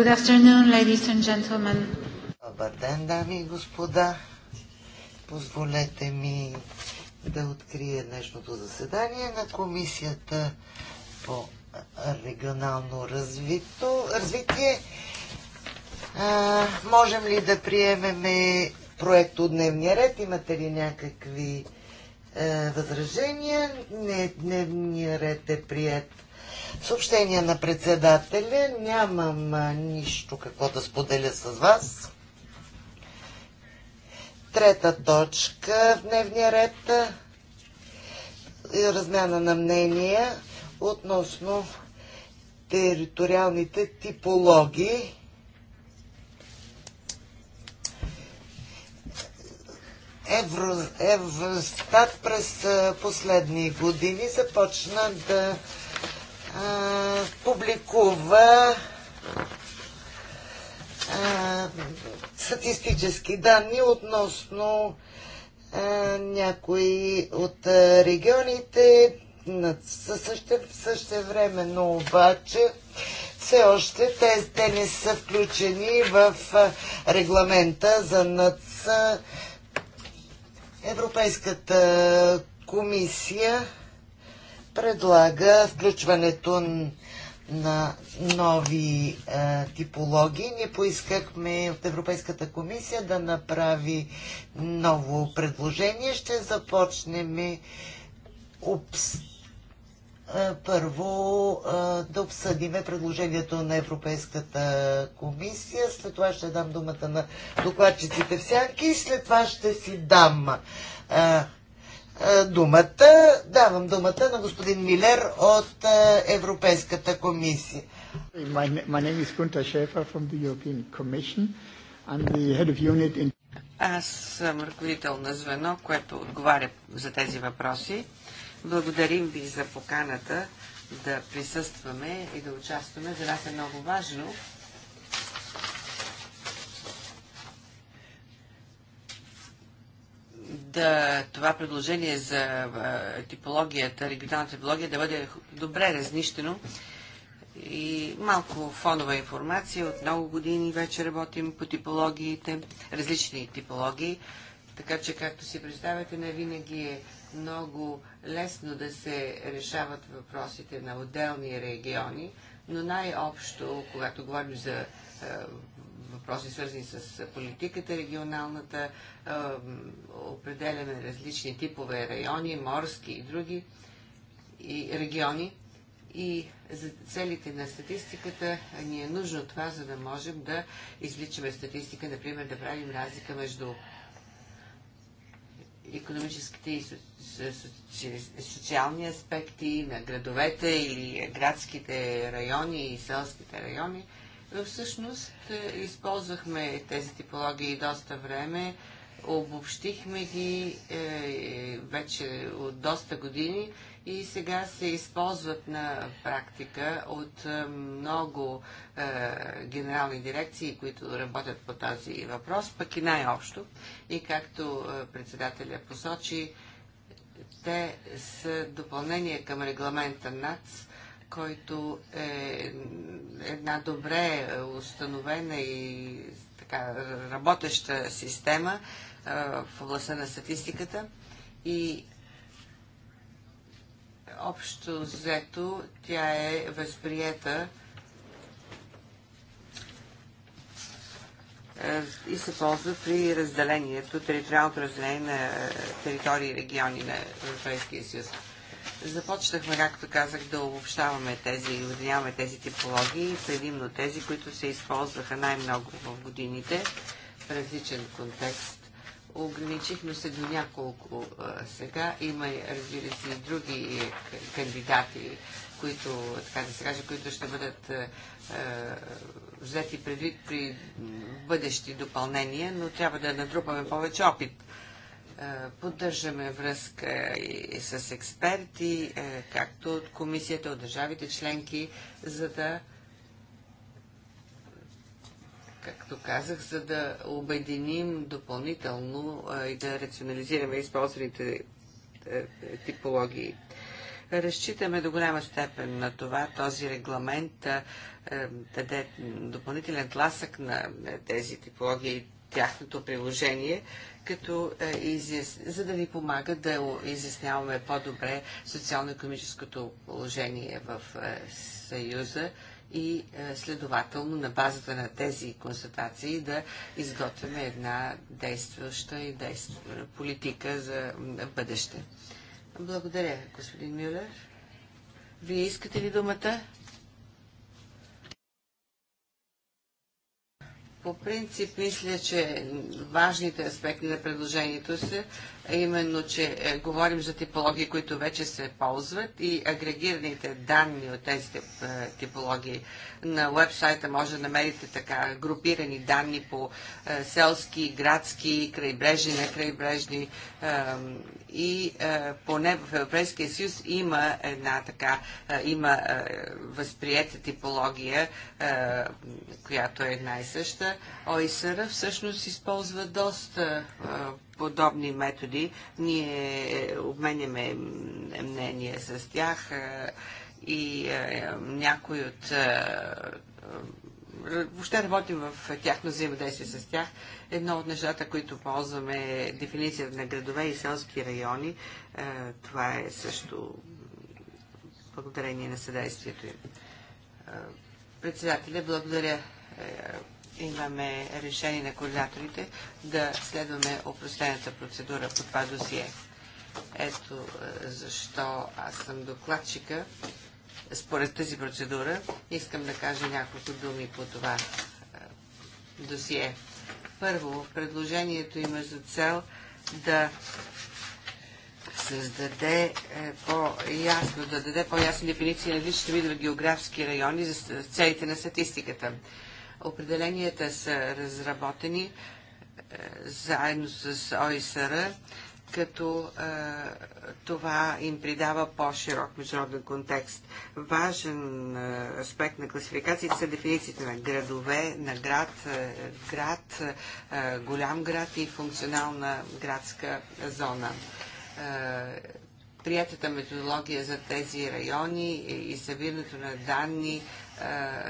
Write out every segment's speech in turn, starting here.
Good afternoon, ladies and gentlemen. Добър ден, дами и господа. Позволете ми да открия днешното заседание на Комисията по регионално развито, развитие. А, можем ли да приемеме проект от дневния ред? Имате ли някакви а, е, възражения? Не, дневния ред е прият Съобщение на председателя. Нямам нищо какво да споделя с вас. Трета точка в дневния ред и размяна на мнения относно териториалните типологии. Евро, Евростат през последни години започна да публикува а, статистически данни относно а, някои от а, регионите. но обаче все още те, те не са включени в регламента за НАЦ. Европейската комисия предлага включването на нови е, типологии. Ние поискахме от Европейската комисия да направи ново предложение. Ще започнем е, обс... Е, първо е, да обсъдиме предложението на Европейската комисия. След това ще дам думата на докладчиците всяки и след това ще си дам е, е, думата. Давам думата на господин Милер от е, Европейската комисия. My, my name is Gunther Schäfer from the European Commission. I'm the head of unit in... Аз съм ръководител на звено, което отговаря за тези въпроси. Благодарим ви за поканата да присъстваме и да участваме. За нас е много важно това предложение за типологията, регионалната типология да бъде добре разнищено и малко фонова информация. От много години вече работим по типологиите, различни типологии, така че както си представяте, не винаги е много лесно да се решават въпросите на отделни региони, но най-общо, когато говорим за въпроси, свързани с политиката, регионалната, определяме различни типове райони, морски и други и региони. И за целите на статистиката ни е нужно това, за да можем да изличаме статистика, например да правим разлика между економическите и социални аспекти на градовете или градските райони и селските райони – е, всъщност е, използвахме тези типологии доста време, обобщихме ги е, вече от доста години и сега се използват на практика от много генерални дирекции, които работят по този въпрос, пък и най-общо. И както председателя посочи, те са допълнение към регламента НАЦ който е една добре установена и така, работеща система в областта на статистиката и общо взето тя е възприета и се ползва при разделението, териториалното разделение на територии и региони на Европейския съюз. Започнахме, както казах, да обобщаваме тези и обединяваме тези типологии, предимно тези, които се използваха най-много в годините в различен контекст. Ограничихме се до няколко сега. Има, разбира се, и други е, кандидати, които, така да се каже, които ще бъдат а, взети предвид при бъдещи допълнения, но трябва да натрупаме повече опит е, поддържаме връзка и с експерти, е, както от комисията, от държавите членки, за да, както казах, за да обединим допълнително е, и да рационализираме използваните типологии. Разчитаме до голяма степен на това този регламент да даде допълнителен тласък на тези типологии и тяхното приложение, като е, изяс... за да ни помага да изясняваме по-добре социално-економическото положение в е, Съюза и е, следователно на базата на тези констатации да изготвяме една действаща и действаща политика за бъдеще. Благодаря, господин Мюлер. Вие искате ли думата? По принцип мисля, че важните аспекти на предложението са именно, че е, говорим за типологии, които вече се ползват и агрегираните данни от тези е, типологии. На вебсайта може да намерите така групирани данни по е, селски, градски, крайбрежни, некрайбрежни и е, поне в Европейския съюз има една така, е, има е, възприета типология, която е една и съща. ОИСР всъщност използва доста подобни методи. Ние обменяме мнение с тях и някои от въобще работим в тяхно взаимодействие с тях. Едно от нещата, които ползваме е дефиниция на градове и селски райони. Е, това е също благодарение на съдействието им. Е, председателя, благодаря. Е, имаме решение на координаторите да следваме опростената процедура по това досие. Ето защо аз съм докладчика според тази процедура. Искам да кажа няколко думи по това досие. Първо, предложението има за цел да създаде е, по-ясно, да даде по-ясни дефиниции на личните видове географски райони за целите на статистиката. Определенията са разработени е, заедно с ОИСР като а, това им придава по-широк международен контекст. Важен а, аспект на класификацията са дефинициите на градове, на град, а, град, а, голям град и функционална градска зона. А, приятата методология за тези райони и събирането на данни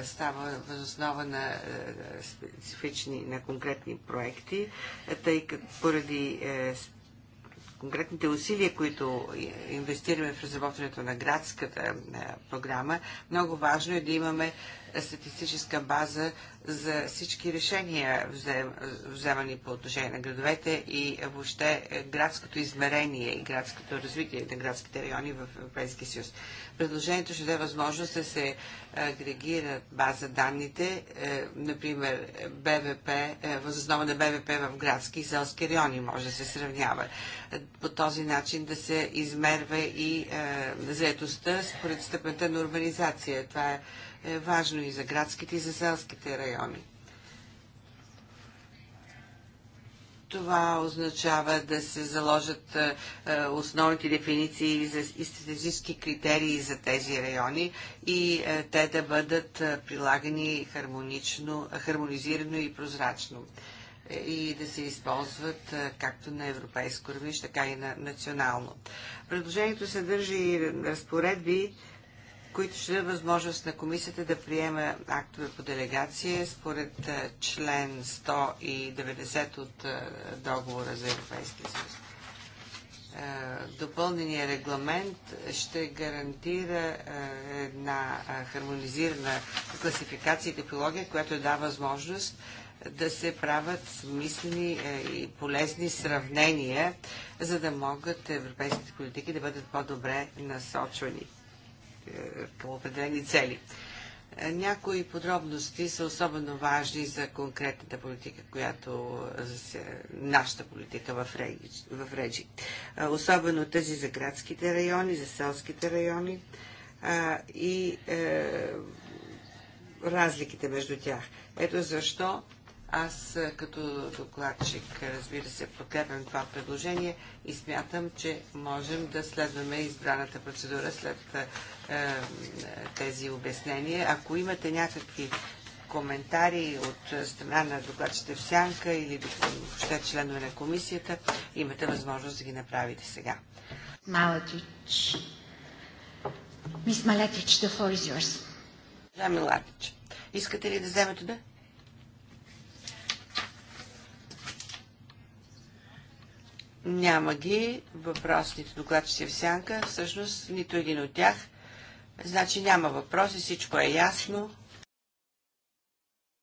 става възоснова на специфични, на конкретни проекти, тъй като поради е, конкретните усилия, които инвестираме в разработването на градската програма, много важно е да имаме статистическа база за всички решения, вземани по отношение на градовете и въобще градското измерение и градското развитие на градските райони в Европейския съюз. Предложението ще даде възможност да се агрегира база данните, е, например БВП, е, възоснова на БВП в градски и селски райони може да се сравнява. По този начин да се измерва и е, заетостта според степента на урбанизация. Това е е важно и за градските, и за селските райони. Това означава да се заложат е, е, основните дефиниции и стратегически критерии за тези райони и е, те да бъдат прилагани хармонично, хармонизирано и прозрачно и да се използват както на европейско равнище, така и на национално. Предложението съдържа и разпоредби, които ще дадат възможност на комисията да приеме актове по делегация според член 190 от договора за Европейския съюз. Допълнения регламент ще гарантира една хармонизирана класификация и технология, която дава възможност да се правят смислени и полезни сравнения, за да могат европейските политики да бъдат по-добре насочвани е, по определени цели. Е, някои подробности са особено важни за конкретната политика, която е нашата политика в, реги, Реджи. Е, особено тези за градските райони, за селските райони и разликите между тях. Ето защо аз е, като докладчик, разбира се, подкрепям това предложение и смятам, че можем да следваме избраната процедура след е, е, тези обяснения. Ако имате някакви коментари от страна на докладчите в Сянка или въобще членове на комисията, имате възможност да ги направите сега. Малатич. Мис Малатич, the floor is yours. Жами Латич, искате ли да вземете да? Няма ги въпросните докладчици в сянка, всъщност нито един от тях. Значи няма въпроси, всичко е ясно.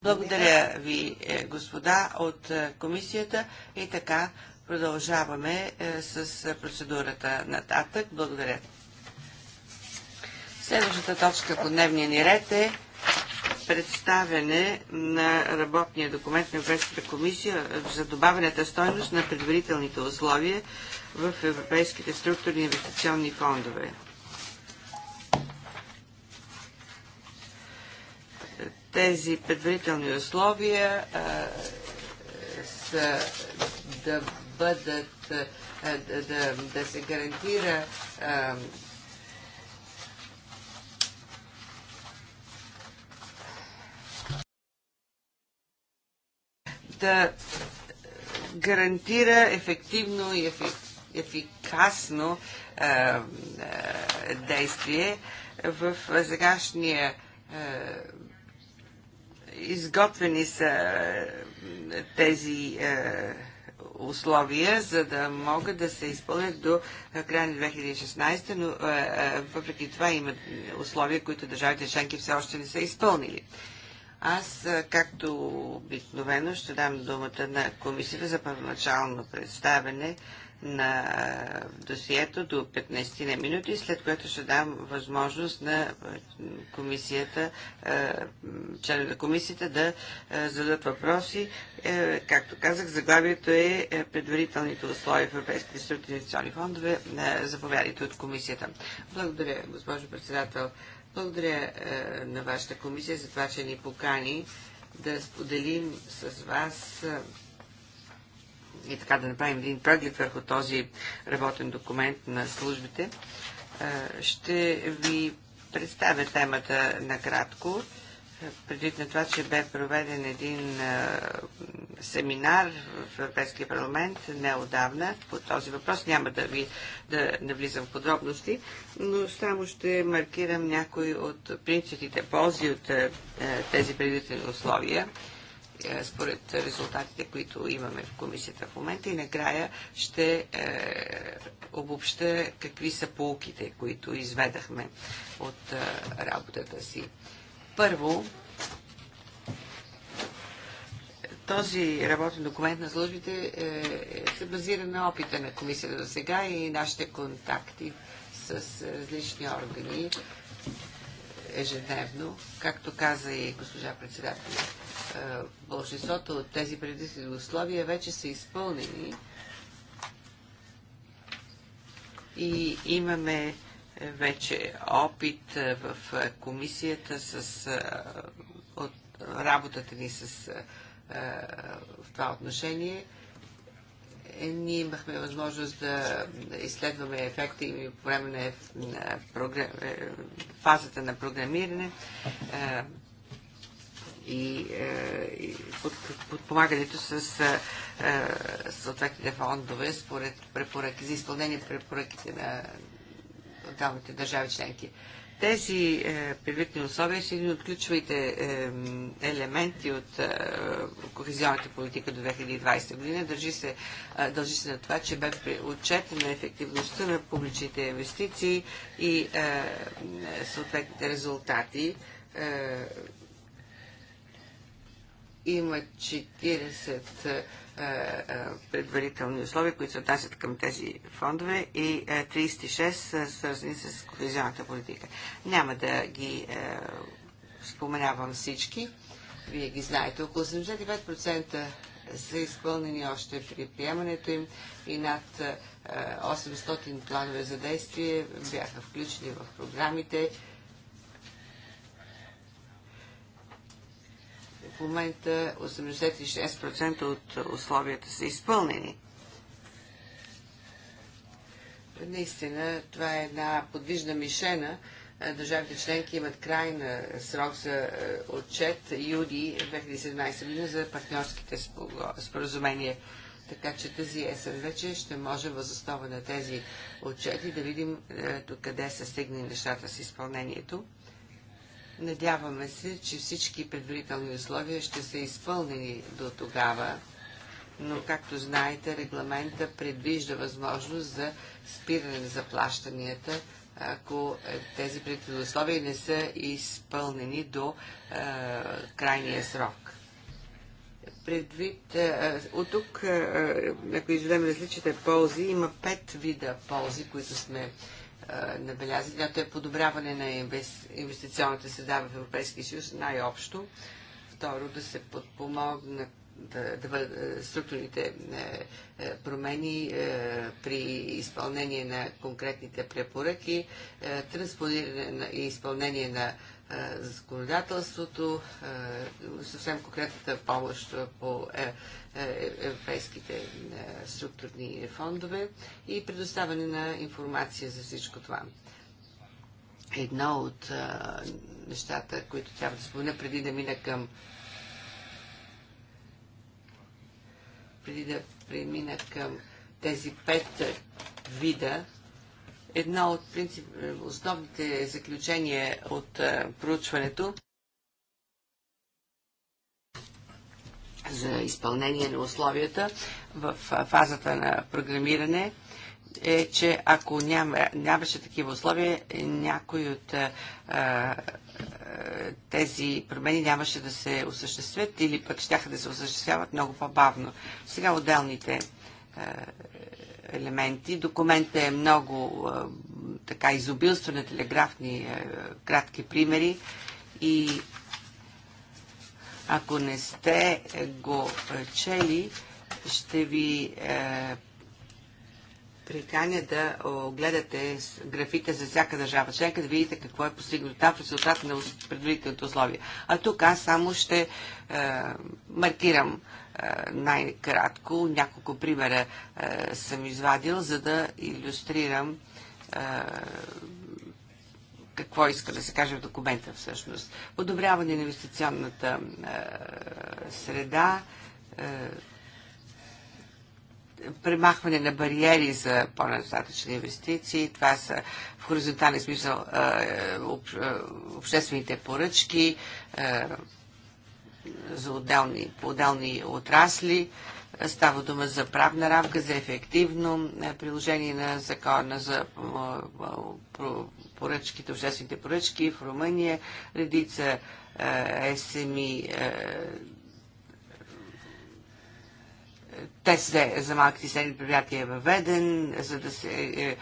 Благодаря ви, е, господа, от е, комисията и така продължаваме е, с процедурата нататък. Благодаря. Следващата точка по дневния ни ред е представяне на работния документ на Европейската комисия за добавената стойност на предварителните условия в европейските структурни инвестиционни фондове. Тези предварителни условия а, са да бъдат а, да, да, да се гарантира а, да гарантира ефективно и ефикасно действие в сегашния изготвени са тези условия, за да могат да се изпълнят до края на 2016, но въпреки това има условия, които държавите членки все още не са изпълнили. Аз, както обикновено, ще дам думата на комисията за първоначално представене на досието до 15 на минути, след което ще дам възможност на комисията, члена на комисията да зададат въпроси. Е, както казах, заглавието е, е предварителните условия в Европейските структурни фондове. Е, заповядайте от комисията. Благодаря, госпожо председател. Благодаря е, на вашата комисия за това, че ни покани да споделим с вас е, и така да направим един преглед върху този работен документ на службите. Е, ще ви представя темата накратко предвид на това, че бе проведен един семинар в Европейския парламент неодавна по този въпрос. Няма да ви да навлизам в подробности, но само ще маркирам някои от принципите ползи от тези предвидителни условия според резултатите, които имаме в комисията в момента. И накрая ще е, обобща какви са полуките, които изведахме от е, работата си. Първо, този работен документ на службите е, е, се базира на опита на комисията до сега и нашите контакти с е, различни органи ежедневно. Както каза и госпожа председател, е, большинството от тези предизвестни условия вече са изпълнени и имаме вече опит е, в е, комисията с е, от работата ни с, в това отношение. Ние имахме възможност да изследваме ефекта им по време на програм... фазата на програмиране и, и подпомагането с съответните фондове според препоръки, за изпълнение препоръките на отделните държави членки. Тези е, привитни условия са един от ключовите е, елементи от е, кохезионната политика до 2020 година. Държи се, е, дължи се на това, че бе отчетена ефективността на публичните инвестиции и е, е съответните резултати. Е, има 40 е, е, предварителни условия, които се отнасят към тези фондове и 36 е, са свързани с кохезионната политика. Няма да ги споменавам всички. Вие ги знаете. Около 75% са изпълнени още при приемането им и над 800 планове за действие бяха включени в програмите в момента 86% от условията са изпълнени. Наистина, това е една подвижна мишена. Е, държавите членки имат на срок за е, отчет юли 2017 година за партньорските споразумения. Така че тази есен вече ще може възоснова на тези отчети да видим е, до къде са стигнали нещата с изпълнението. Надяваме се, че всички предварителни условия ще са изпълнени до тогава, но както знаете, регламента предвижда възможност за спиране на заплащанията, ако е, тези предварителни условия не са изпълнени до е, крайния срок предвид, е, е, от тук, ако изведем различните ползи, има пет вида ползи, които сме набелязали. която е подобряване на инвестиционната среда в Европейския съюз най-общо. Второ, да се подпомогна да, да, структурните е, е, промени е, при изпълнение на конкретните препоръки, е, транспониране и изпълнение на е, законодателството, е, съвсем конкретната помощ по е, европейските структурни фондове и предоставяне на информация за всичко това. Едно от нещата, които трябва да спомена преди да мина към преди да премина към тези пет вида Една от принцип, е, основните заключения от е, проучването за изпълнение на условията в е, фазата на програмиране е, че ако няма, нямаше такива условия, някои от а, а, тези промени нямаше да се осъществят или пък ще да се осъществяват много по-бавно. Сега отделните елементи. Документът е много така изобилство на телеграфни кратки примери и ако не сте го чели, ще ви приканя да огледате графите за всяка държава членка, да видите какво е постигнато там в резултат на предварителните условия. А тук аз само ще е, маркирам най-кратко. Няколко примера е, съм извадил, за да иллюстрирам е, какво иска да се каже в документа всъщност. Подобряване на инвестиционната е, среда, премахване на бариери за по-нататъчни инвестиции. Това са в хоризонтален смисъл обществените поръчки, за отделни, по отделни отрасли. Става дума за правна рамка, за ефективно е, приложение на закона за е, е, поръчките, обществените поръчки в Румъния, редица СМИ тест за малките и средни предприятия е въведен, за да се е, е,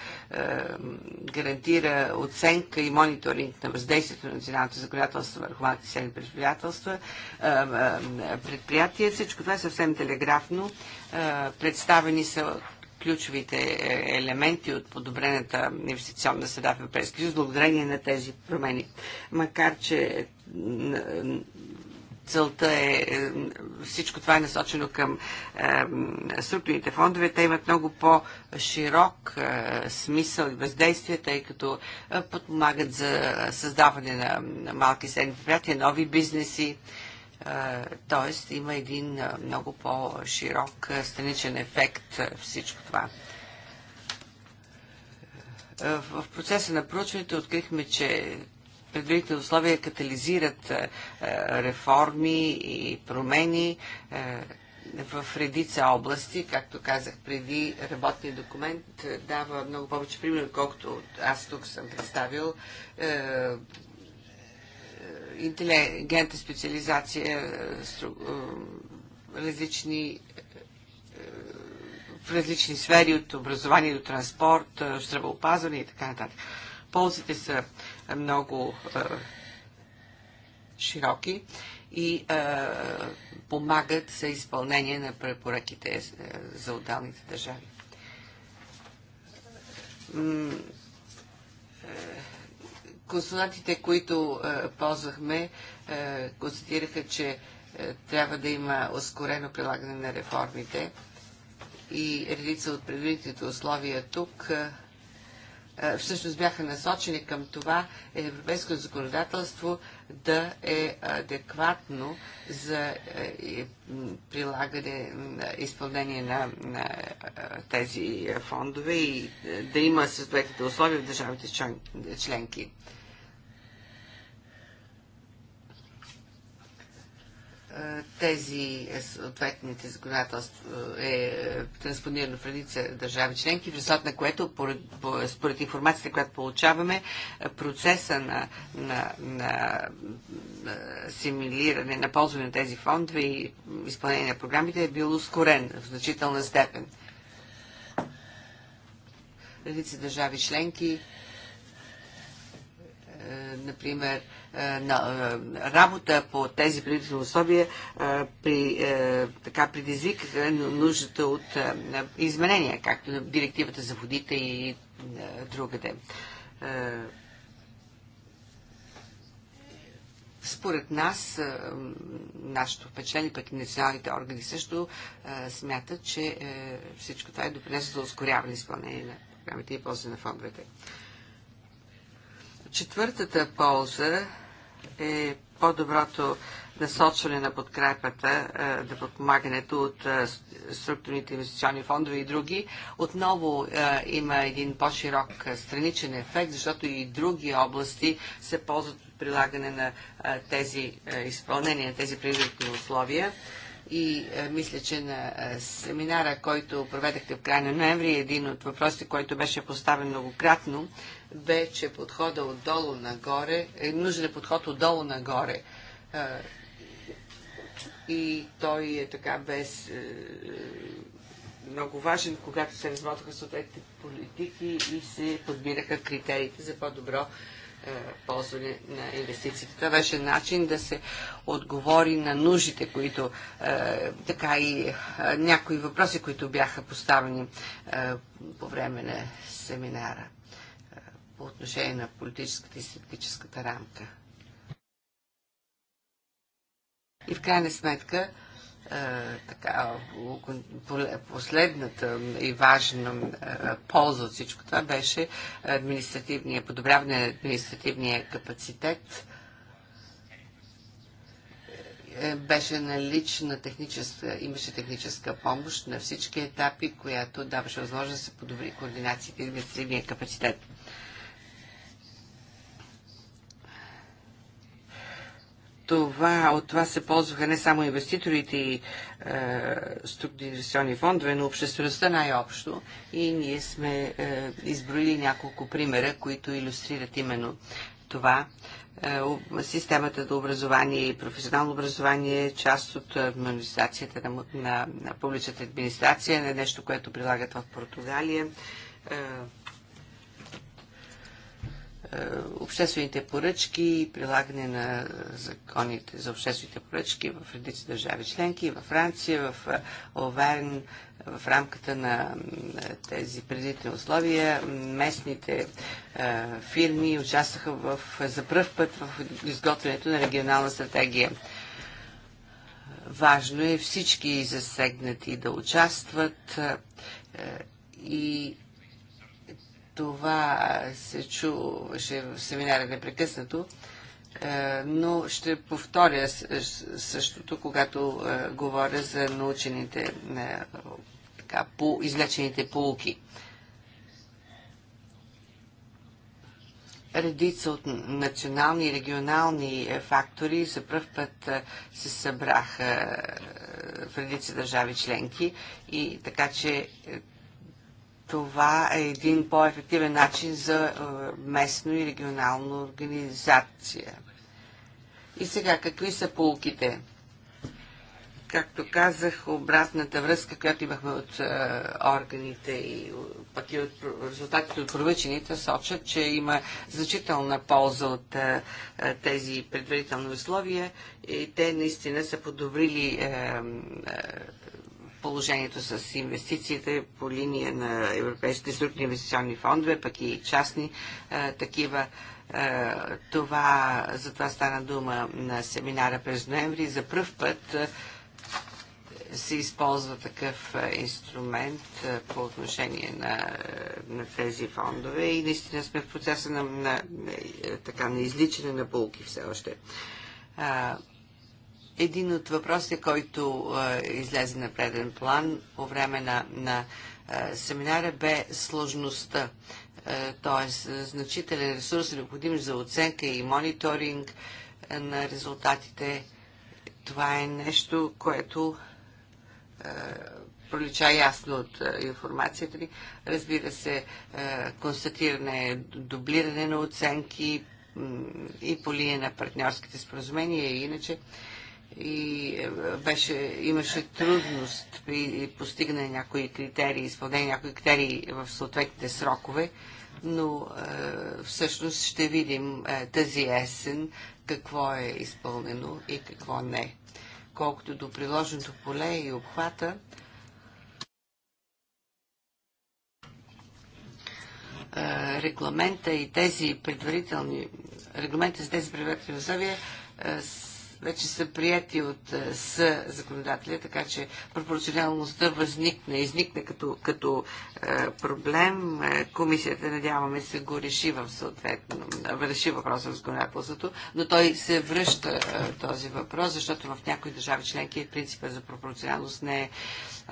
гарантира оценка и мониторинг на въздействието на националното законодателство върху малките и средни предприятия. Е, е, предприятия. Всичко това е съвсем телеграфно. Е, представени са ключовите е, елементи от подобрената инвестиционна среда в Европейския съюз, благодарение на тези промени. Макар, че целта е, е, всичко това е насочено към е, структурните фондове. Те имат много по-широк е, смисъл и въздействие, тъй като подпомагат за създаване на, малки средни предприятия, нови бизнеси. Тоест има един много по-широк страничен ефект всичко това. В процеса на проучването открихме, че Предвидите условия катализират е, е, реформи и промени е, в редица области, както казах преди, работният документ дава много повече примери, колкото аз тук съм представил. Интелигентна специализация, различни в различни сфери, от образование до транспорт, здравеопазване и така нататък. Ползите са много широки и помагат за изпълнение на препоръките е, за отдалните държави. Е, Консулатите, които е, ползвахме, констатираха, че трябва да има ускорено прилагане на реформите и редица от предвидителите условия тук е, всъщност бяха насочени към това европейското законодателство да е адекватно за е, прилагане, на изпълнение на, на е, тези фондове и да има съответните условия в държавите членки. Е, тези съответните законодателства е транспонирано в редица държави членки, в резултат на което, поред, според информацията, която получаваме, процеса на, на, на симилиране, на ползване на тези фондове и изпълнение на програмите е бил ускорен в значителна степен. Редица държави членки е, например, е, на, е, работа по тези предварителни условия при, така предизвикаха нуждата от изменения, както на директивата за водите и другаде. Според нас, нашето впечатление, пък и националните органи също смятат, че всичко това е допринесло за ускоряване изпълнение на програмите и полза на фондовете. Четвъртата полза е по-доброто насочване на подкрепата, да е, подпомагането от е, структурните инвестиционни фондове и други. Отново е, има един по-широк страничен ефект, защото и други области се ползват от прилагане на тези изпълнения, тези принудителни условия и мисля, че на семинара, който проведахте в края на ноември, един от въпросите, който беше поставен многократно, бе, че подхода отдолу нагоре, е нужен е подход отдолу нагоре. И той е така без е, много важен, когато се разработваха съответните политики и се подбираха критериите за по-добро е, ползване на инвестициите. Това беше начин да се отговори на нуждите, които е, така и е, някои въпроси, които бяха поставени е, по време на семинара по отношение на политическата и стратегическата рамка. И в крайна сметка, е, така, последната и важна е, полза от всичко това беше административния, подобряване на административния капацитет, е, беше налична техническа, имаше техническа помощ на всички етапи, която даваше възможност да се подобри координацията и административния капацитет. това, от това се ползваха не само инвеститорите и е, структурни инвестиционни фондове, но обществеността най-общо. И ние сме е, изброили няколко примера, които иллюстрират именно това. Е, системата за образование и професионално образование е част от администрацията на, на, на публичната администрация, не нещо, което прилагат в Португалия. Е, е, обществените поръчки и прилагане на законите за обществените поръчки в редици държави членки, във Франция, в Оверн, в рамката на тези предварителни условия местните е, фирми участваха в, за пръв път в изготвянето на регионална стратегия. Важно е всички засегнати да участват е, и това се чуваше в семинара непрекъснато, е, но ще повторя същото, когато е, говоря за научените, е, така, по излечените полуки. редица от национални и регионални фактори за пръв път се събраха в редица държави членки и така че това е един по-ефективен начин за е, местно и регионално организация. И сега, какви са полуките? Както казах, обратната връзка, която имахме от е, органите и е, пък и от резултатите от проръчените, сочат, че има значителна полза от тези предварителни условия и те наистина са подобрили положението с инвестициите по линия на европейските структурни инвестиционни фондове, пък и частни а, е, такива. А, е, това, за това стана дума на семинара през ноември. За първ път а, е, се използва такъв инструмент по отношение на, на тези фондове и наистина сме в процеса на, на, на, така, на изличане на полки все още един от въпросите, който излезе на преден план по време на, на семинара, бе сложността. т.е. значителен ресурс необходим за оценка и мониторинг на резултатите. Това е нещо, което пролича ясно от информацията ни. Разбира се, констатиране, дублиране на оценки и по линия на партньорските споразумения и иначе и е, беше, имаше трудност при постигане някои критерии, изпълнение някои критерии в съответните срокове, но е, всъщност ще видим е, тази есен какво е изпълнено и какво не. Колкото до приложеното поле и обхвата, е, регламента и тези предварителни регламента за тези предварителни условия е, вече са прияти от е, С законодателя, така че пропорционалността възникна, изникна като, като е, проблем. Е, комисията, надяваме се, го реши в съответно, реши въпроса в законодателството, но той се връща е, този въпрос, защото в някои държави членки принципа за пропорционалност не е,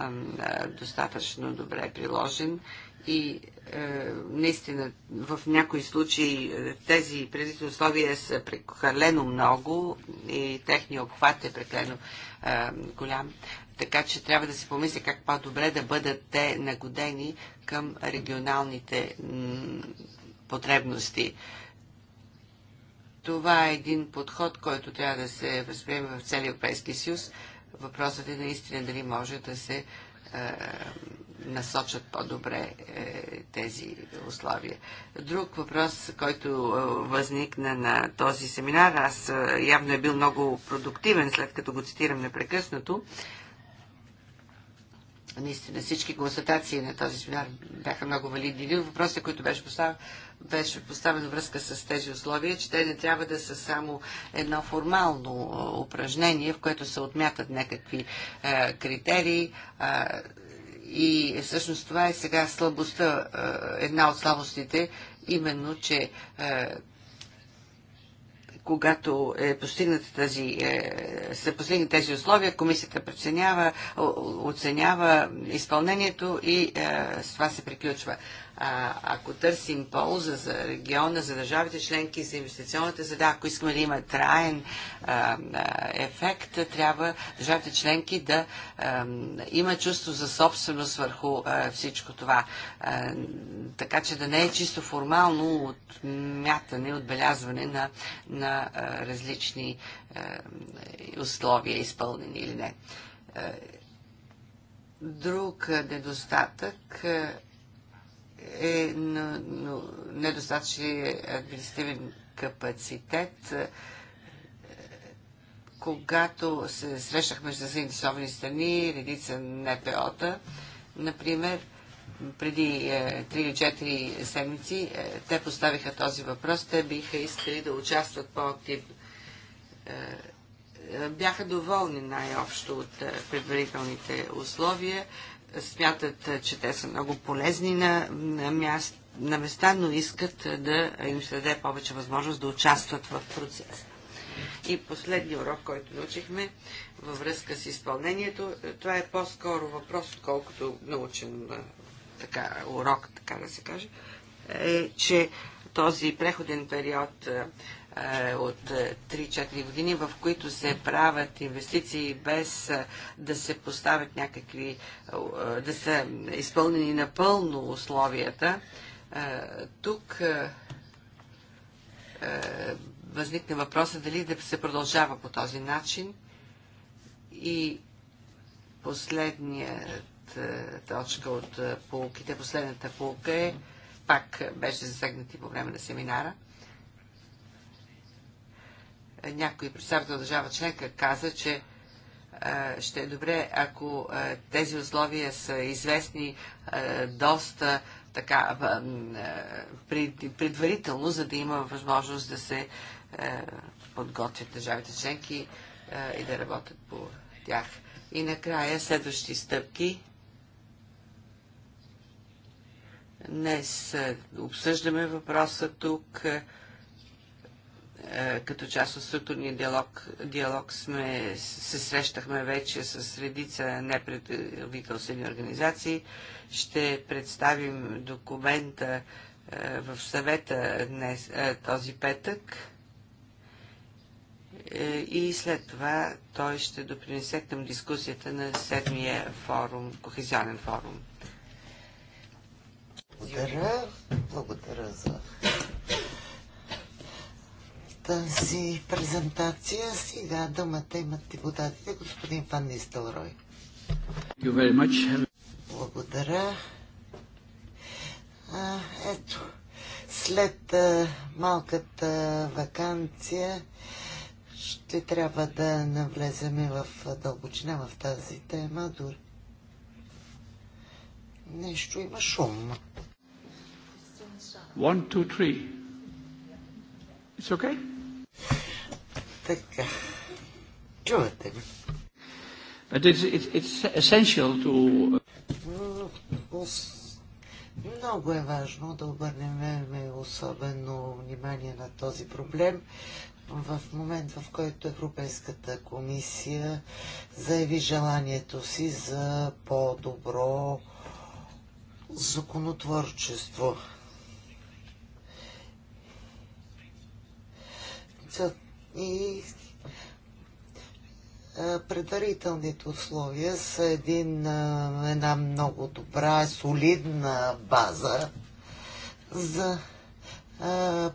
е достатъчно добре приложен и е, наистина в някои случаи е, тези предварителни условия са прекалено много и техния обхват е прекалено е, голям. Така че трябва да се помисли как по-добре да бъдат те нагодени към регионалните потребности. Това е един подход, който трябва да се възприеме в целия Европейски съюз. Въпросът е наистина дали може да се насочат по-добре е, тези условия. Друг въпрос, който е, възникна на този семинар, аз е, явно е бил много продуктивен, след като го цитирам непрекъснато. Наистина всички констатации на този семинар бяха много валидни. Един от въпросите, който беше поставен, беше поставена връзка с тези условия, че те не трябва да са само едно формално упражнение, в което се отмятат някакви е, критерии. Е, и всъщност това е сега слабостта, е, една от слабостите, именно, че е, когато е постигнат тази, е, са постигнат тези условия, комисията преценява, оценява изпълнението и е, с това се приключва а, ако търсим полза за региона, за държавите членки, за инвестиционната среда, ако искаме да има траен а, ефект, трябва държавите членки да а, има чувство за собственост върху а, всичко това. А, така че да не е чисто формално отмятане, отбелязване на, на а, различни а, условия, изпълнени или не. Друг недостатък е но, но, недостатъчен е административен капацитет. Е, когато се срещахме с заинтересовани страни, редица НПО-та, например, преди 3 е, или 4 седмици, те поставиха този въпрос. Те биха искали да участват по-активно. бяха доволни най-общо от предварителните условия смятат, че те са много полезни на, на, мяст, на места, но искат да им се даде повече възможност да участват в процеса. И последния урок, който научихме във връзка с изпълнението, това е по-скоро въпрос, отколкото научен така, урок, така да се каже, е, че този преходен период е, от 3-4 е, години, в които се правят инвестиции без е, да се поставят някакви, да са изпълнени напълно условията. Тук възникне въпроса дали да се продължава по този начин и последният точка от полуките, последната полука е, пак беше засегнати по време на семинара, някой представител държава членка каза, че е, ще е добре, ако е, тези условия са известни е, доста така предварително, за да има възможност да се подготвят държавите членки и да работят по тях. И накрая следващи стъпки. Днес обсъждаме въпроса тук. Е, като част от структурния диалог, диалог сме, се срещахме вече с редица непредвителствени организации. Ще представим документа е, в съвета днес, е, този петък и след това той ще допринесе към дискусията на седмия форум, кохезионен форум. Благодаря. Благодаря за тази презентация. Сега думата имат депутатите, господин Пан Нистелрой. Благодаря. А, ето, след а, малката вакансия ще трябва да навлезем в дълбочина в тази тема. Дори нещо има шум. One, two, three. It's okay? Така. Чувате ли? But it's, it's, it's essential to... Много е важно да обърнем особено внимание на този проблем в момент, в който Европейската комисия заяви желанието си за по-добро законотворчество. цел и предварителните условия са един, една много добра, солидна база за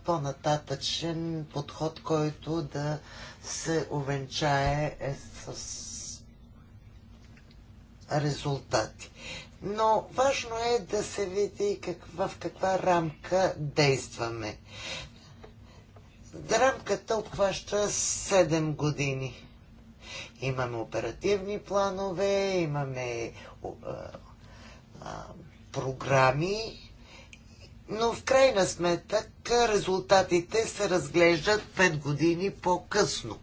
по-нататъчен подход, който да се увенчае е с резултати. Но важно е да се види как, в каква рамка действаме рамката обхваща 7 години. Имаме оперативни планове, имаме а, а, програми, но в крайна сметък резултатите се разглеждат 5 години по-късно.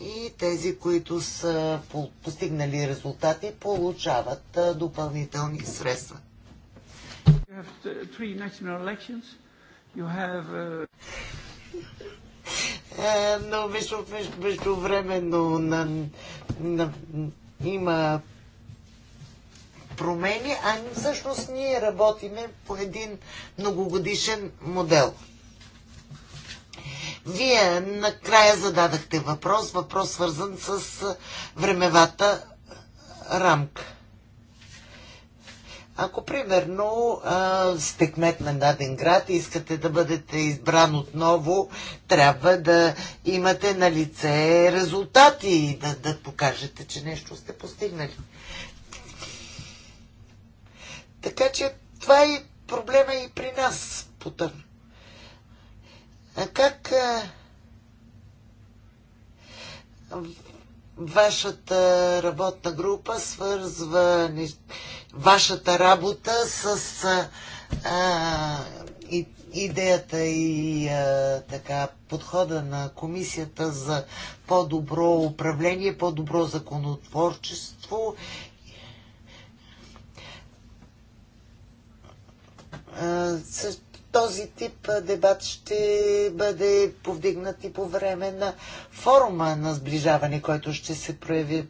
И тези, които са постигнали резултати, получават допълнителни средства. Have... Uh, е, но между, между, междувременно на, на, има промени, а всъщност ние работиме по един многогодишен модел. Вие накрая зададахте въпрос, въпрос свързан с времевата рамка. Ако, примерно, сте кмет на даден град и искате да бъдете избран отново, трябва да имате на лице резултати и да, да покажете, че нещо сте постигнали. Така че това е проблема и при нас, Путър. А как а, вашата работна група свързва нещата? вашата работа с а, и, идеята и а, така подхода на комисията за по-добро управление, по-добро законотворчество. А, с този тип дебат ще бъде повдигнат и по време на форума на сближаване, който ще се прояви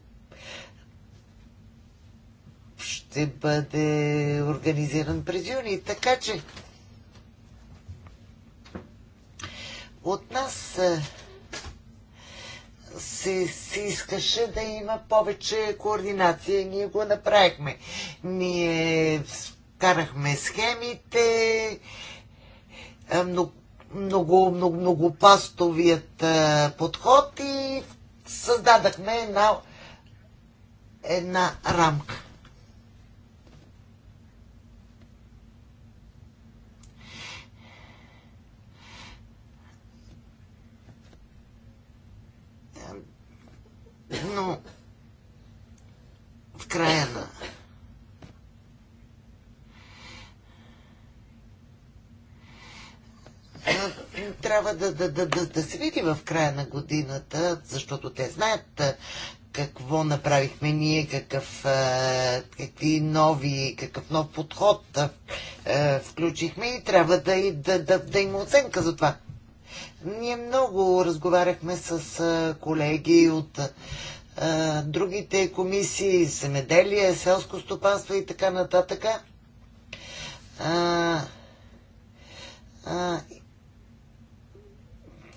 ще бъде организиран през юни. Така че от нас се, се искаше да има повече координация и ние го направихме. Ние карахме схемите, много, много, много, многопастовият подход и създадахме една, една рамка. Но в края на трябва да, да, да, да, да се види в края на годината, защото те знаят какво направихме ние, какъв, какви нови, какъв нов подход включихме и трябва да, да, да, да има оценка за това. Ние много разговаряхме с колеги от а, другите комисии, земеделие, селско стопанство и така нататък. А, а,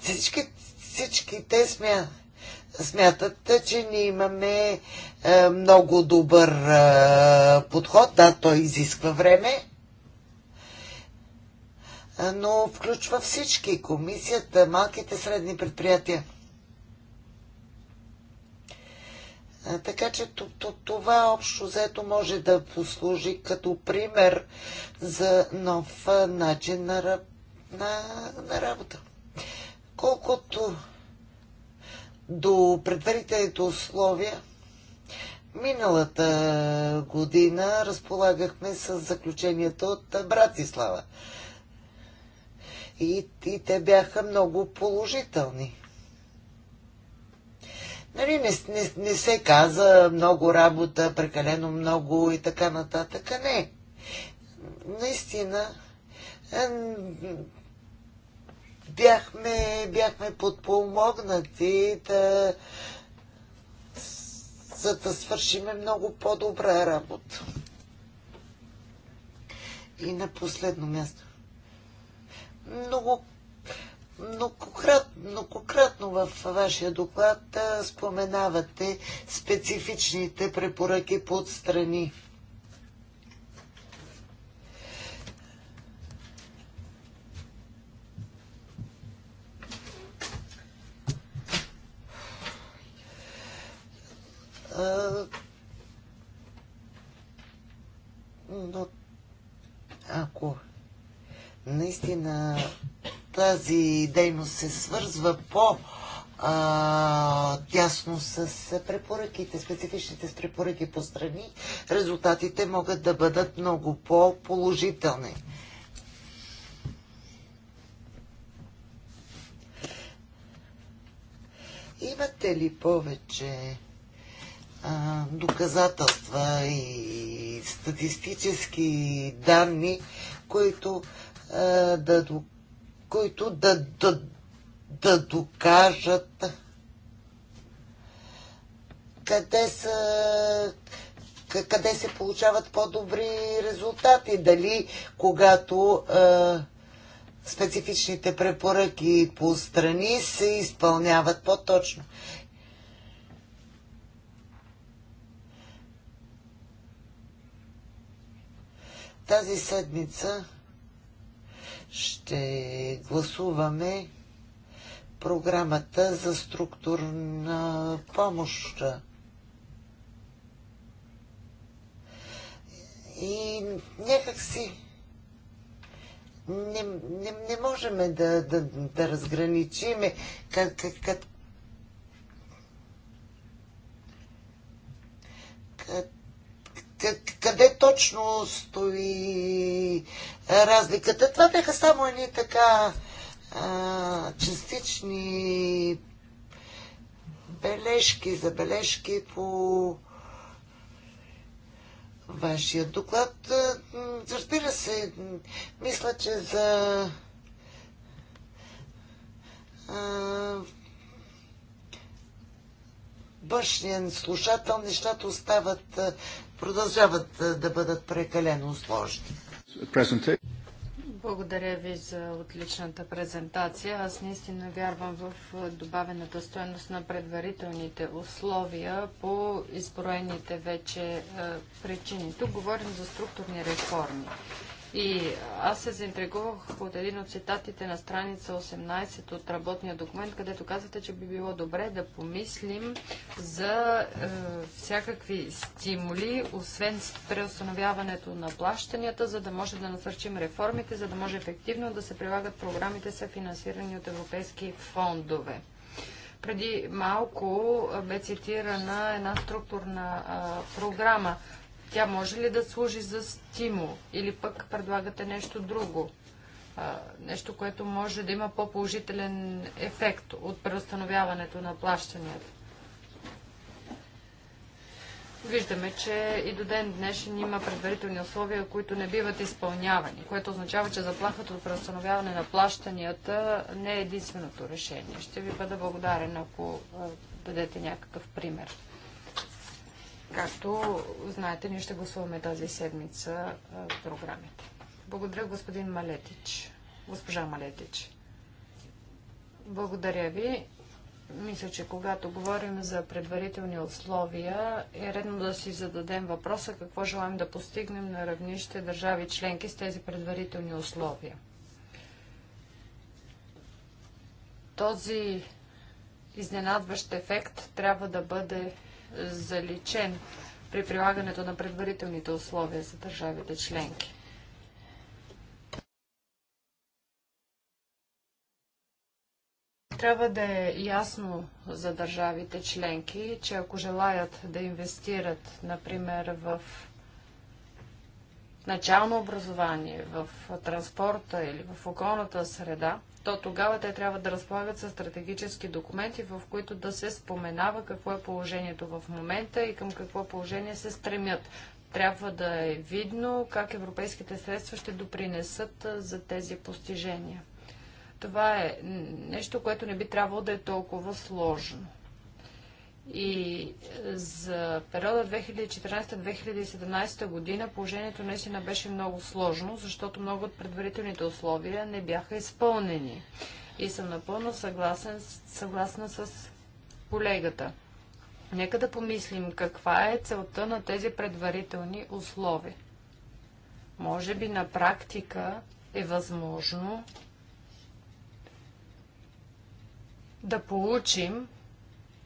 всички, всички те смя, смятат, че ние имаме много добър подход. Да, той изисква време, но включва всички. Комисията, малките, средни предприятия. Така че това общо взето може да послужи като пример за нов начин на, на, на работа. Колкото до предварителните условия, миналата година разполагахме с заключението от Братислава и, и те бяха много положителни. Нали, не, не, не се каза много работа, прекалено много и така нататък. Не. Наистина е, бяхме, бяхме подпомогнати да, за да свършиме много по-добра работа. И на последно място много Многократно, многократно в вашия доклад споменавате специфичните препоръки по отстрани. но ако наистина тази дейност се свързва по а, тясно с препоръките, специфичните с препоръки по страни, резултатите могат да бъдат много по-положителни. Имате ли повече а, доказателства и статистически данни, които е, да, които да, да, да докажат къде са къде се получават по-добри резултати. Дали когато е, специфичните препоръки по страни се изпълняват по-точно. Тази седмица ще гласуваме програмата за структурна помощ. И някак си не, не, не можем да, да, да разграничиме как, как, как, къде точно стои разликата. Това бяха само едни така а, частични бележки, забележки по вашия доклад. Разбира се, мисля, че за а, външния слушател нещата остават продължават да бъдат прекалено сложни. Благодаря ви за отличната презентация. Аз наистина вярвам в добавената стоеност на предварителните условия по изброените вече причини. Тук говорим за структурни реформи. И аз се заинтригувах от един от цитатите на страница 18 от работния документ, където казвате, че би било добре да помислим за е, всякакви стимули, освен преустановяването на плащанията, за да може да насърчим реформите, за да може ефективно да се прилагат програмите, са финансирани от европейски фондове. Преди малко е, бе цитирана една структурна а, е, програма тя може ли да служи за стимул? Или пък предлагате нещо друго? нещо, което може да има по-положителен ефект от преустановяването на плащанията? Виждаме, че и до ден днешен има предварителни условия, които не биват изпълнявани, което означава, че заплахата от преустановяване на плащанията не е единственото решение. Ще ви бъда благодарен, ако дадете някакъв пример. Както знаете, ние ще гласуваме тази седмица в програмите. Благодаря, господин Малетич. Госпожа Малетич. Благодаря ви. Мисля, че когато говорим за предварителни условия, е редно да си зададем въпроса какво желаем да постигнем на равнище държави членки с тези предварителни условия. Този изненадващ ефект трябва да бъде заличен при прилагането на предварителните условия за държавите членки. Трябва да е ясно за държавите членки, че ако желаят да инвестират, например, в начално образование, в транспорта или в околната среда, то тогава те трябва да разполагат с стратегически документи, в които да се споменава какво е положението в момента и към какво положение се стремят. Трябва да е видно как европейските средства ще допринесат за тези постижения. Това е нещо, което не би трябвало да е толкова сложно. И е, за периода 2014-2017 година положението наистина беше много сложно, защото много от предварителните условия не бяха изпълнени. И съм напълно съгласен, съгласна с колегата. Нека да помислим каква е целта на тези предварителни условия. Може би на практика е възможно да получим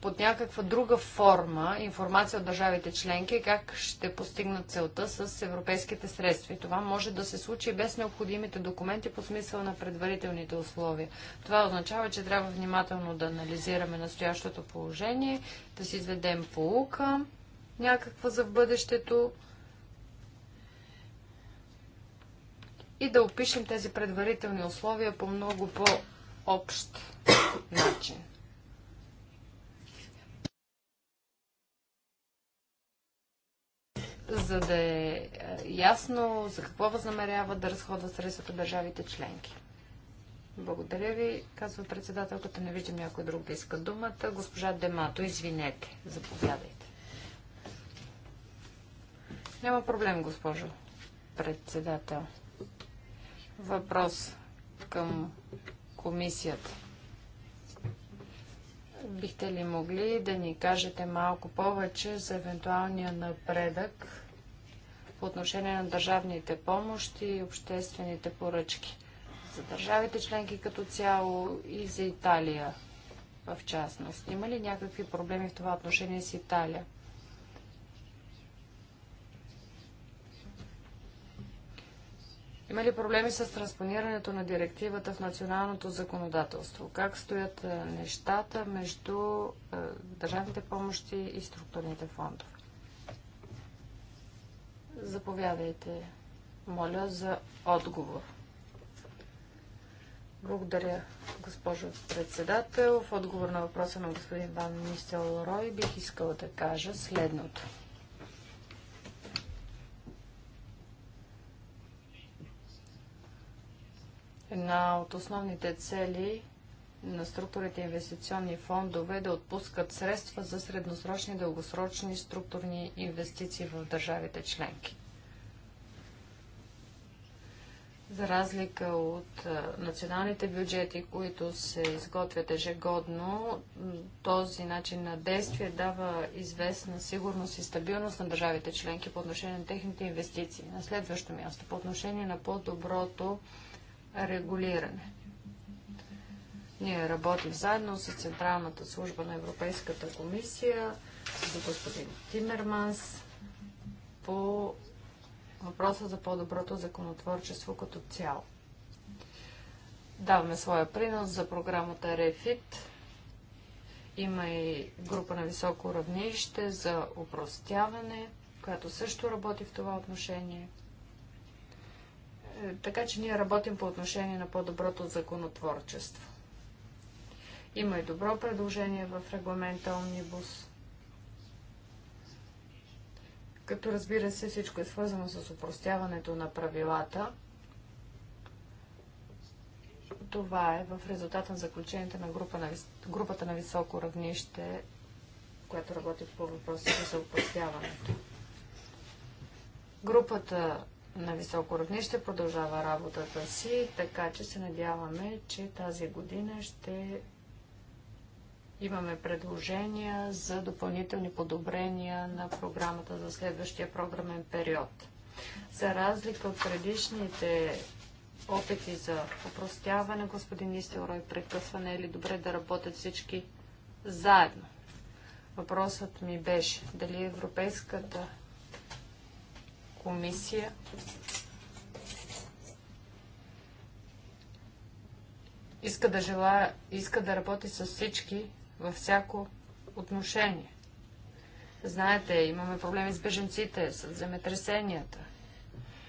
под някаква друга форма информация от държавите членки как ще постигнат целта с европейските средства. И това може да се случи без необходимите документи по смисъл на предварителните условия. Това означава, че трябва внимателно да анализираме настоящото положение, да си изведем полука някаква за бъдещето и да опишем тези предварителни условия по много по-общ начин. за да е, е ясно за какво възнамерява да разходва средствата държавите членки. Благодаря ви, казва председателката. Не виждам някой друг да иска думата. Госпожа Демато, извинете, заповядайте. Няма проблем, госпожо председател. Въпрос към комисията. Бихте ли могли да ни кажете малко повече за евентуалния напредък по отношение на държавните помощи и обществените поръчки за държавите членки като цяло и за Италия в частност? Има ли някакви проблеми в това отношение с Италия? Има ли проблеми с транспонирането на директивата в националното законодателство? Как стоят е, нещата между е, държавните помощи и структурните фондове? Заповядайте, моля, за отговор. Благодаря, госпожо председател. В отговор на въпроса на господин Ван Мистел Рой бих искала да кажа следното. Една от основните цели на структурите инвестиционни фондове е да отпускат средства за средносрочни и дългосрочни структурни инвестиции в държавите членки. За разлика от националните бюджети, които се изготвят ежегодно, този начин на действие дава известна сигурност и стабилност на държавите членки по отношение на техните инвестиции. На следващо място, по отношение на по-доброто регулиране. Ние работим заедно с Централната служба на Европейската комисия, с господин Тимерманс по въпроса за по-доброто законотворчество като цяло. Даваме своя принос за програмата РЕФИТ. Има и група на високо равнище за упростяване, която също работи в това отношение – така че ние работим по отношение на по-доброто законотворчество. Има и добро предложение в регламента Омнибус. Като разбира се, всичко е свързано с упростяването на правилата. Това е в резултат на заключението на група на, групата на високо равнище, която работи по въпросите за упростяването. Групата на високо равнище продължава работата си, така че се надяваме, че тази година ще имаме предложения за допълнителни подобрения на програмата за следващия програмен период. За разлика от предишните опити за опростяване, господин и прекъсване или е добре да работят всички заедно. Въпросът ми беше дали Европейската комисия иска да желая, иска да работи с всички във всяко отношение. Знаете, имаме проблеми с беженците, с земетресенията.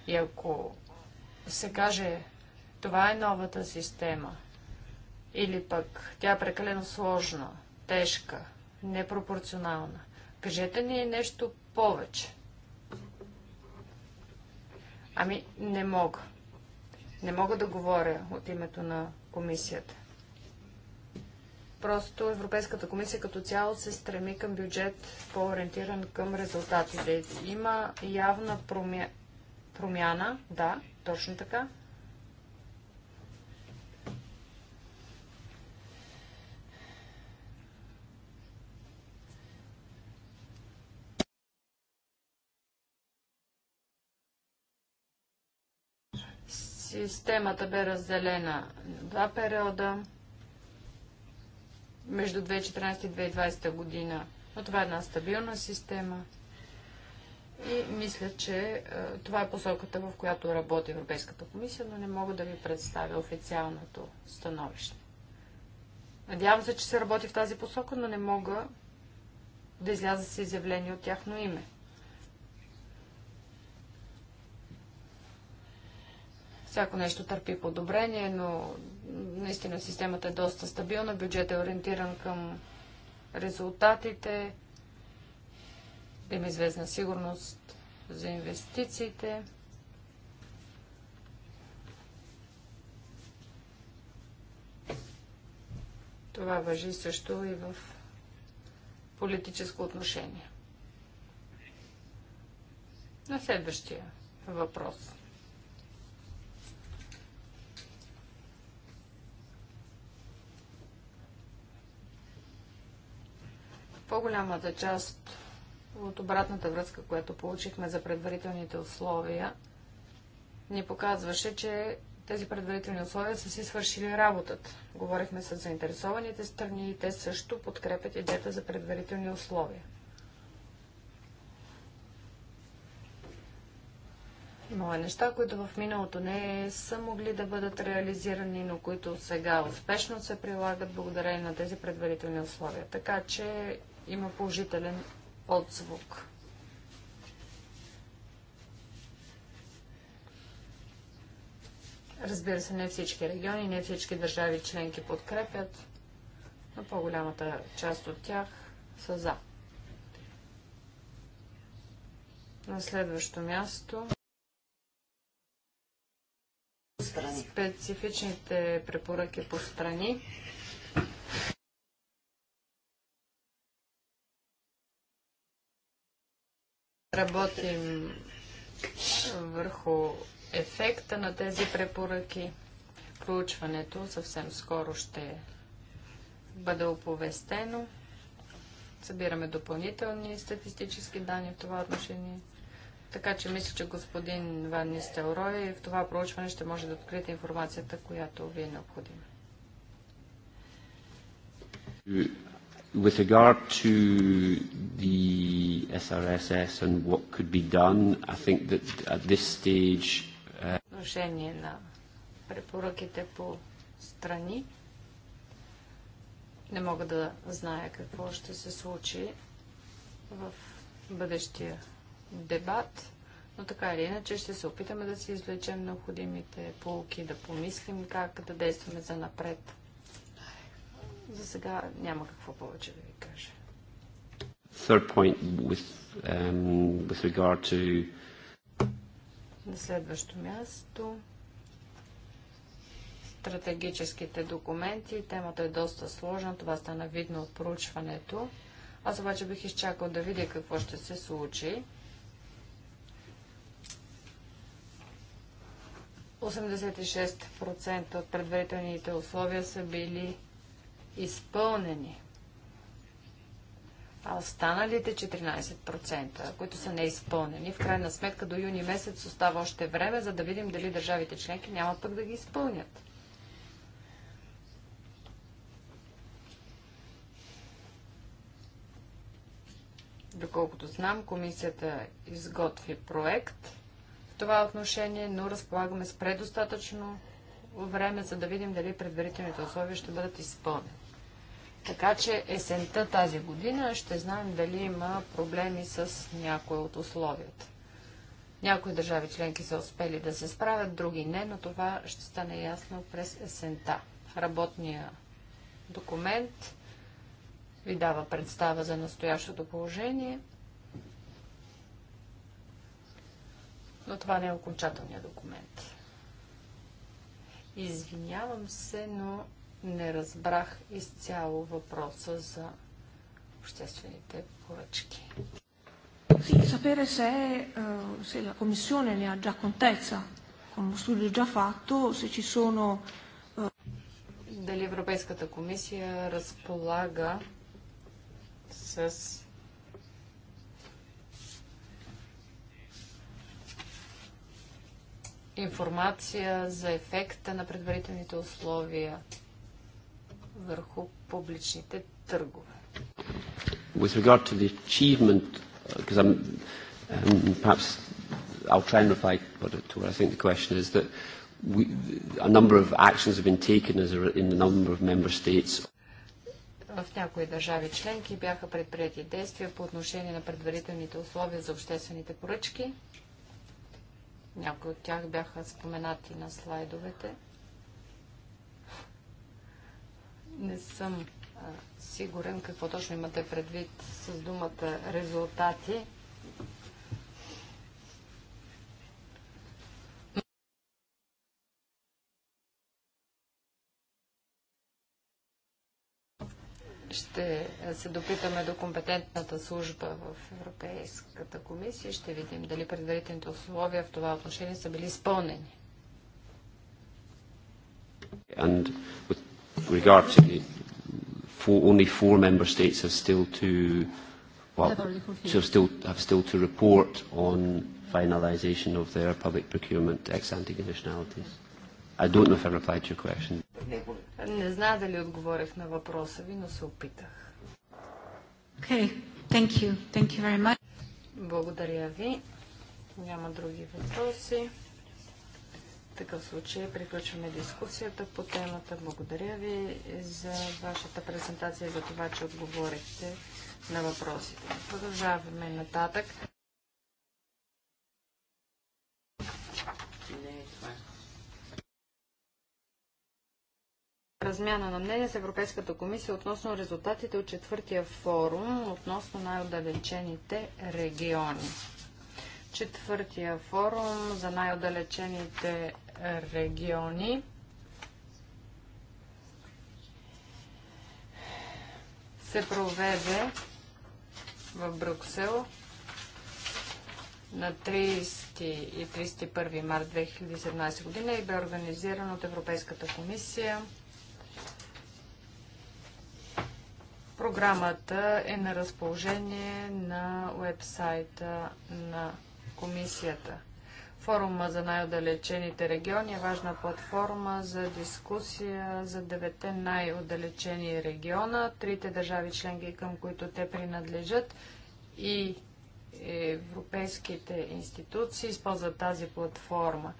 И ако се каже, това е новата система, или пък тя е прекалено сложна, тежка, непропорционална, кажете ни нещо повече. Ами, не мога. Не мога да говоря от името на комисията. Просто Европейската комисия като цяло се стреми към бюджет по-ориентиран към резултатите. Има явна промя... промяна, да, точно така, Системата бе разделена на два периода между 2014 и 2020 година, но това е една стабилна система и мисля, че е, това е посоката, в която работи Европейската комисия, но не мога да ви представя официалното становище. Надявам се, че се работи в тази посока, но не мога да изляза с изявление от тяхно име. Всяко нещо търпи подобрение, но наистина системата е доста стабилна, бюджет е ориентиран към резултатите, да има известна сигурност за инвестициите. Това въжи също и в политическо отношение. На следващия въпрос – По-голямата част от обратната връзка, която получихме за предварителните условия, ни показваше, че тези предварителни условия са си свършили работата. Говорихме с заинтересованите страни и те също подкрепят идеята за предварителни условия. е неща, които в миналото не са могли да бъдат реализирани, но които сега успешно се прилагат благодарение на тези предварителни условия. Така че има положителен отзвук. Разбира се, не всички региони, не всички държави членки подкрепят, но по-голямата част от тях са за. На следващо място специфичните препоръки по страни. Работим върху ефекта на тези препоръки. Проучването съвсем скоро ще бъде оповестено. Събираме допълнителни статистически данни в това отношение. Така че мисля, че господин Ван Нистелрой в това проучване ще може да откриете информацията, която ви е необходима. Е, With regard to the SRSS and what could be done, I think that at this stage... Uh, Отношение на препоръките по страни. Не мога да зная какво ще се случи в бъдещия дебат, но така или иначе ще се опитаме да си извлечем необходимите полки, да помислим как да действаме за напред. За сега няма какво повече да ви кажа. Third point with, um, with regard to... На следващо място стратегическите документи. Темата е доста сложна, това стана видно от проучването. Аз обаче бих изчакал да видя какво ще се случи. 86% от предварителните условия са били изпълнени. А останалите 14%, които са неизпълнени, в крайна сметка до юни месец остава още време, за да видим дали държавите членки няма пък да ги изпълнят. Доколкото знам, комисията изготви проект в това отношение, но разполагаме с предостатъчно време, за да видим дали предварителните условия ще бъдат изпълнени. Така че есента тази година ще знаем дали има проблеми с някои от условията. Някои държави членки са успели да се справят, други не, но това ще стане ясно през есента. Работния документ ви дава представа за настоящото положение, но това не е окончателният документ. Извинявам се, но не разбрах изцяло въпроса за обществените поръчки. Sì, sapere se, eh, se la Commissione ne ha già contezza, con studio già fatto, se ci sono... Eh... Дали Европейската комисия разполага с информация за ефекта на предварителните условия върху публичните търгове. With regard to the achievement, because uh, I'm, um, perhaps I'll try and reply to what I think the question is that we, a number of actions have been taken as a, in a number of member states в някои държави членки бяха предприяти действия по отношение на предварителните условия за обществените поръчки. Някои от тях бяха споменати на слайдовете. Не съм а, сигурен какво точно имате предвид с думата резултати. ще се допитаме до компетентната служба в Европейската комисия и ще видим дали предварителните условия в това отношение са били изпълнени. And with regard to the four, only four member states have still to well, so still have still to report on finalisation of their public procurement ex ante conditionalities. I don't know if I replied to your question. Okay, thank you. Thank you very much. Благодаря ви. Няма други въпроси такъв случай приключваме дискусията по темата. Благодаря ви за вашата презентация и за това, че отговорихте на въпросите. Продължаваме нататък. Е. размяна на мнение с Европейската комисия относно резултатите от четвъртия форум относно най-отдалечените региони четвъртия форум за най-отдалечените региони. се проведе в Брюксел на 30 и 31 март 2017 година и бе организиран от Европейската комисия. Програмата е на разположение на уебсайта на комисията. Форума за най-отдалечените региони е важна платформа за дискусия за девете най-отдалечени региона, трите държави членки, към които те принадлежат и европейските институции използват тази платформа.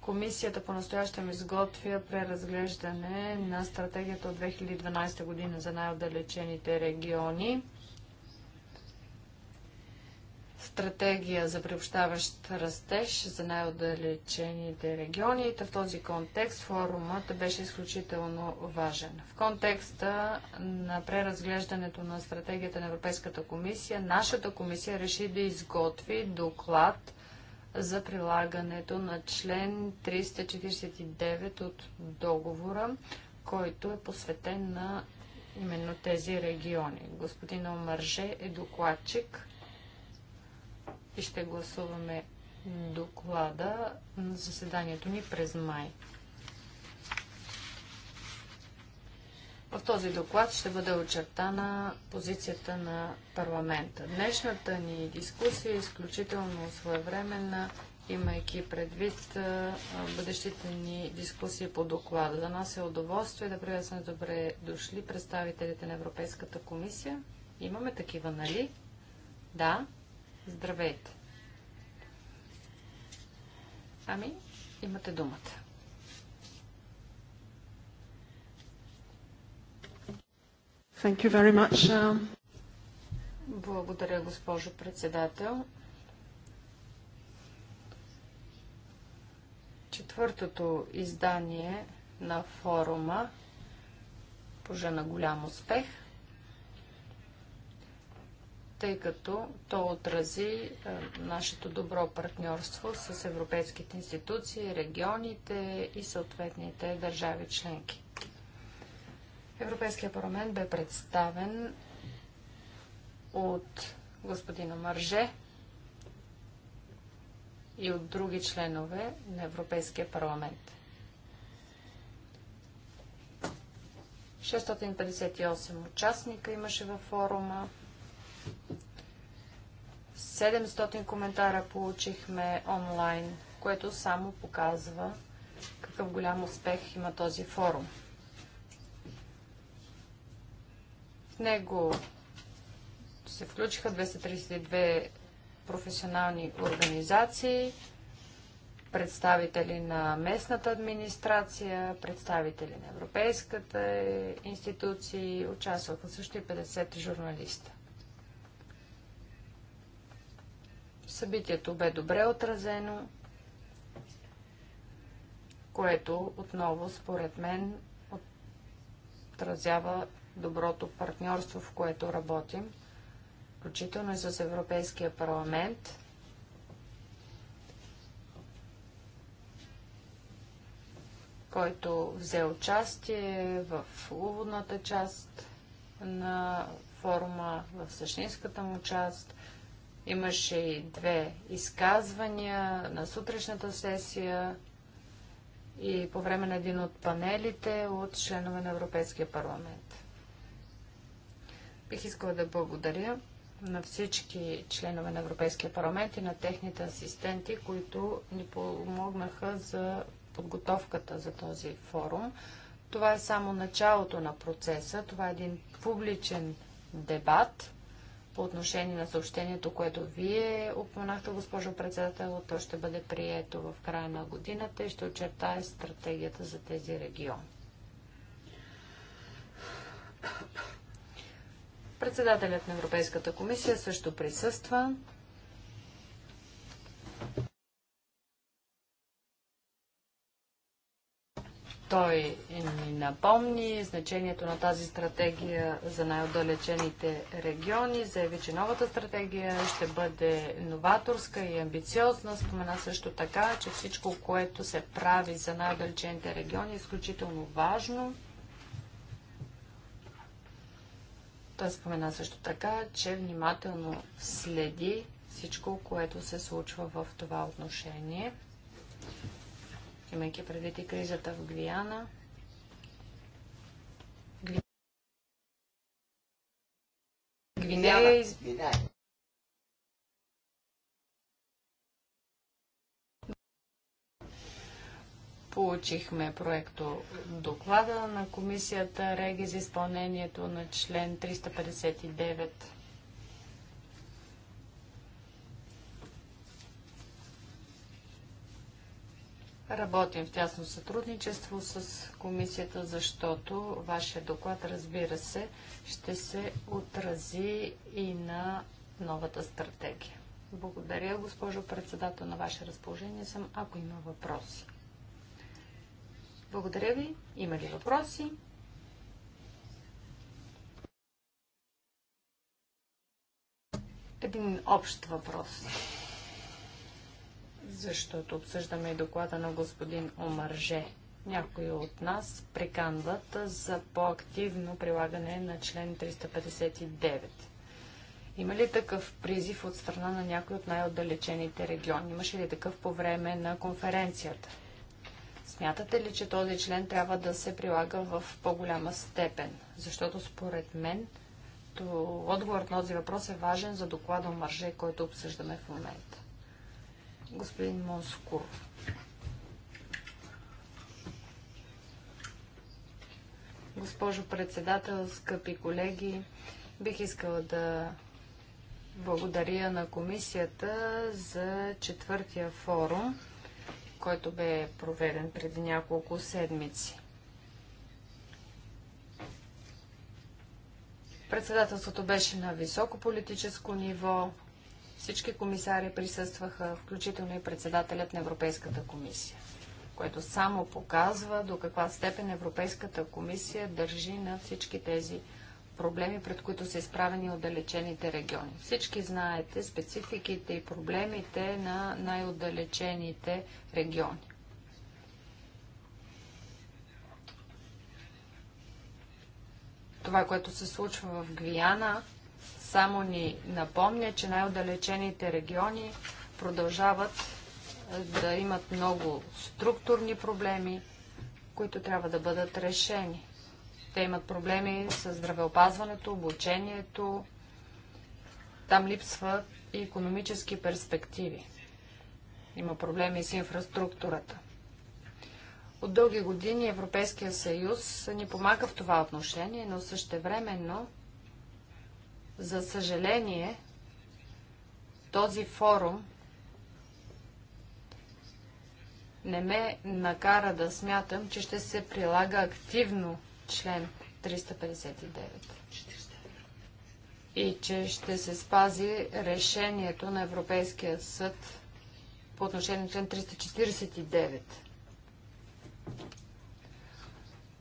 Комисията по-настоящем изготвя преразглеждане на стратегията от 2012 година за най-отдалечените региони стратегия за приобщаващ растеж за най-отдалечените региони. В този контекст форумът беше изключително важен. В контекста на преразглеждането на стратегията на Европейската комисия, нашата комисия реши да изготви доклад за прилагането на член 349 от договора, който е посветен на именно тези региони. Господин Омърже е докладчик и ще гласуваме доклада на заседанието ни през май. В този доклад ще бъде очертана позицията на парламента. Днешната ни дискусия е изключително своевременна, имайки предвид бъдещите ни дискусии по доклада. За нас е удоволствие да приветстваме добре дошли представителите на Европейската комисия. Имаме такива, нали? Да. Здравейте! Ами, имате думата. Thank you very much. Uh, Благодаря, госпожо председател. Четвъртото издание на форума пожена голям успех – тъй като то отрази е, нашето добро партньорство с европейските институции, регионите и съответните държави членки. Европейския парламент бе представен от господина Марже и от други членове на Европейския парламент. 658 участника имаше във форума. 700 коментара получихме онлайн, което само показва какъв голям успех има този форум. В него се включиха 232 професионални организации, представители на местната администрация, представители на Европейската институции, участваха също и 50 журналиста. Събитието бе добре отразено, което отново, според мен, отразява доброто партньорство, в което работим, включително и с Европейския парламент. който взе участие в уводната част на форума, в същинската му част – Имаше и две изказвания на сутрешната сесия и по време на един от панелите от членове на Европейския парламент. Бих искала да благодаря на всички членове на Европейския парламент и на техните асистенти, които ни помогнаха за подготовката за този форум. Това е само началото на процеса. Това е един публичен дебат – по отношение на съобщението, което вие упоменахте, госпожо председател, то ще бъде прието в края на годината и ще очертае стратегията за тези региони. Председателят на Европейската комисия също присъства. Той ни напомни значението на тази стратегия за най-отдалечените региони. Заяви, че новата стратегия ще бъде новаторска и амбициозна. Спомена също така, че всичко, което се прави за най-отдалечените региони е изключително важно. Той спомена също така, че внимателно следи всичко, което се случва в това отношение имайки предвид и кризата в Гвиана. Гвинея избина. Получихме проекто доклада на комисията Реги за изпълнението на член 359 Работим в тясно сътрудничество с комисията, защото вашия доклад, разбира се, ще се отрази и на новата стратегия. Благодаря, госпожо председател, на ваше разположение съм, ако има въпроси. Благодаря ви. Има ли въпроси? Един общ въпрос защото обсъждаме и доклада на господин Омарже. Някои от нас приканват за по-активно прилагане на член 359. Има ли такъв призив от страна на някои от най-отдалечените региони? Имаше ли такъв по време на конференцията? Смятате ли, че този член трябва да се прилага в по-голяма степен? Защото според мен то... отговорът на този въпрос е важен за доклада Омарже, който обсъждаме в момента господин Монскур. Госпожо председател, скъпи колеги, бих искала да благодаря на комисията за четвъртия форум, който бе проведен преди няколко седмици. Председателството беше на високо политическо ниво, всички комисари присъстваха, включително и председателят на Европейската комисия, което само показва до каква степен Европейската комисия държи на всички тези проблеми, пред които са изправени отдалечените региони. Всички знаете спецификите и проблемите на най-отдалечените региони. Това, което се случва в Гвиана, само ни напомня, че най-отдалечените региони продължават е, да имат много структурни проблеми, които трябва да бъдат решени. Те имат проблеми с здравеопазването, обучението. Там липсват и економически перспективи. Има проблеми с инфраструктурата. От дълги години Европейския съюз ни помага в това отношение, но същевременно за съжаление, този форум не ме накара да смятам, че ще се прилага активно член 359 и че ще се спази решението на Европейския съд по отношение на член 349.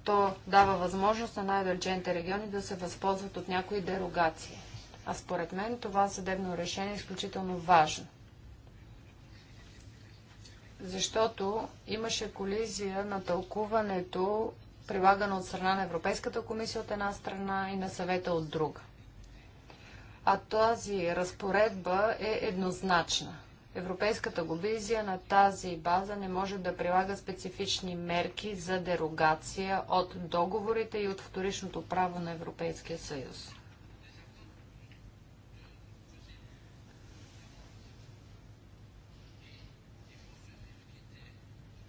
То дава възможност на най-далечените региони да се възползват от някои дерогации. А според мен това съдебно решение е изключително важно. Защото имаше колизия на тълкуването, прилагано от страна на Европейската комисия от една страна и на съвета от друга. А тази разпоредба е еднозначна. Европейската комисия на тази база не може да прилага специфични мерки за дерогация от договорите и от вторичното право на Европейския съюз.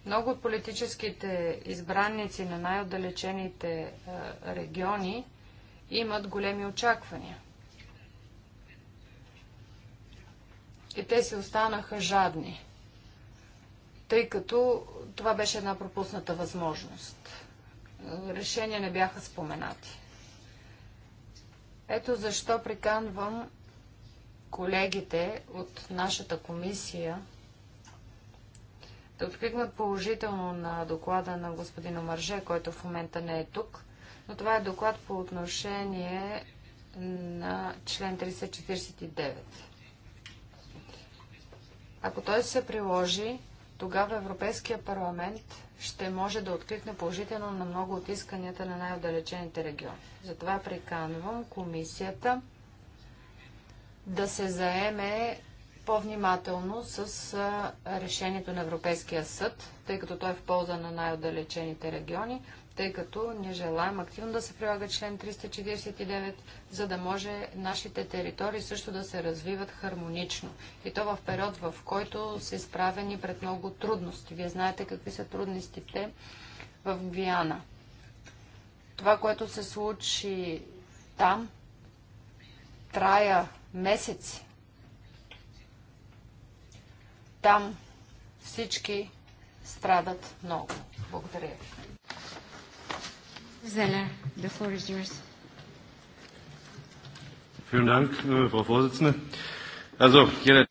Много от политическите избранници на най-отдалечените е, региони имат големи очаквания. И те се останаха жадни, тъй като това беше една пропусната възможност. Решения не бяха споменати. Ето защо приканвам колегите от нашата комисия откликнат положително на доклада на господин Омърже, който в момента не е тук, но това е доклад по отношение на член 349. Ако той се приложи, тогава Европейския парламент ще може да откликне положително на много от исканията на най-отдалечените региони. Затова приканвам комисията да се заеме по-внимателно с решението на Европейския съд, тъй като той е в полза на най-отдалечените региони, тъй като ние желаем активно да се прилага член 349, за да може нашите територии също да се развиват хармонично. И то в период, в който са изправени пред много трудности. Вие знаете какви са трудностите в Гвиана. Това, което се случи там, трая месеци там всички страдат много. Благодаря ви. Zeller, the floor is yours. Vielen Dank, äh, Frau Vorsitzende. Also, jeder...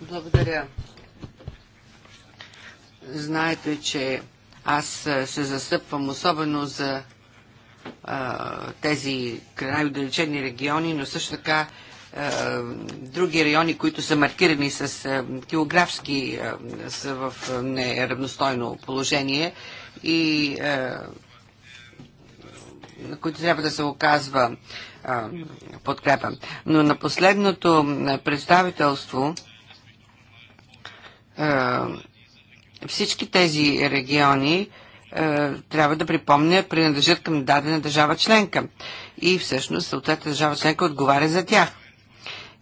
Благодаря. Знаете, че аз се застъпвам особено за а, тези крайно удалечени региони, но също така е, други райони, които са маркирани с е, географски е, са в неравностойно положение и на които трябва да се оказва подкрепа. Но на последното представителство всички тези региони трябва да припомня, принадлежат към дадена държава членка. И всъщност съответната държава членка отговаря за тях.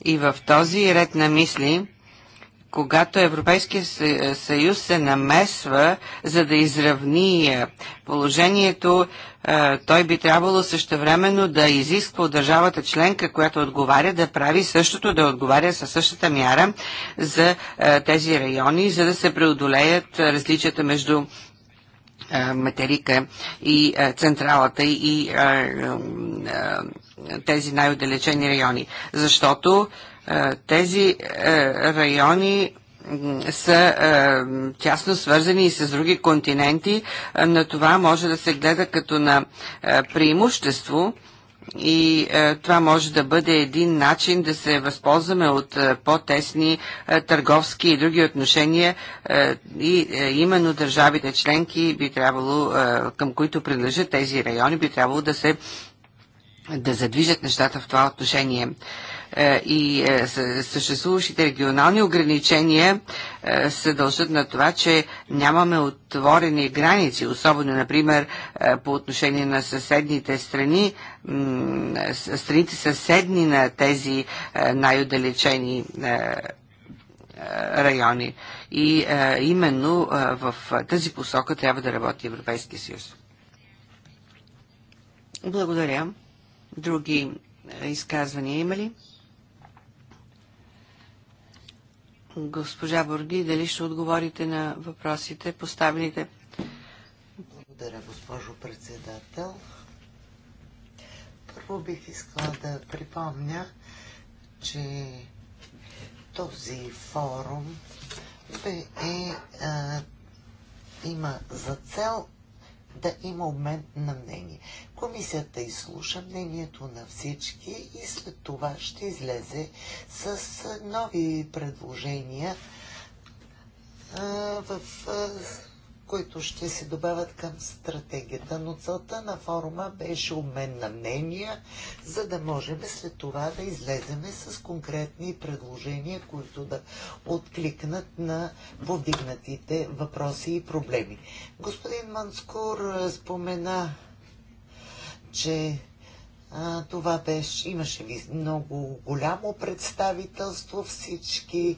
И в този ред на мисли, когато Европейския е, съюз се намесва, за да изравни е, положението, е, той би трябвало същевременно да изисква от държавата членка, която отговаря, да прави същото, да отговаря със същата мяра за тези райони, за да се преодолеят различията между е, материка и е, централата и е, тези най-отдалечени райони. Защото тези райони са е, тясно свързани и с други континенти. На това може да се гледа като на е, преимущество, и е, това може да бъде един начин да се възползваме от е, по-тесни е, търговски и други отношения и именно държавите членки би трябвало, към които принадлежат тези райони, би трябвало да се да задвижат нещата в това отношение. Е, и е, съществуващите регионални ограничения е, се дължат на това, че нямаме отворени граници, особено, например, по отношение на съседните страни, страните съседни на тези най-отдалечени райони. И именно в тази посока трябва да работи Европейския съюз. Благодаря. Други изказвания има ли? госпожа Борги, дали ще отговорите на въпросите, поставените. Благодаря, госпожо председател. Първо бих искала да припомня, че този форум бе, е, е, има за цел да има обмен на мнение. Комисията изслуша мнението на всички и след това ще излезе с нови предложения в които ще се добавят към стратегията, но целта на форума беше обмен на мнения, за да можем след това да излеземе с конкретни предложения, които да откликнат на повдигнатите въпроси и проблеми. Господин Манскор спомена, че а, това беше, имаше много голямо представителство, всички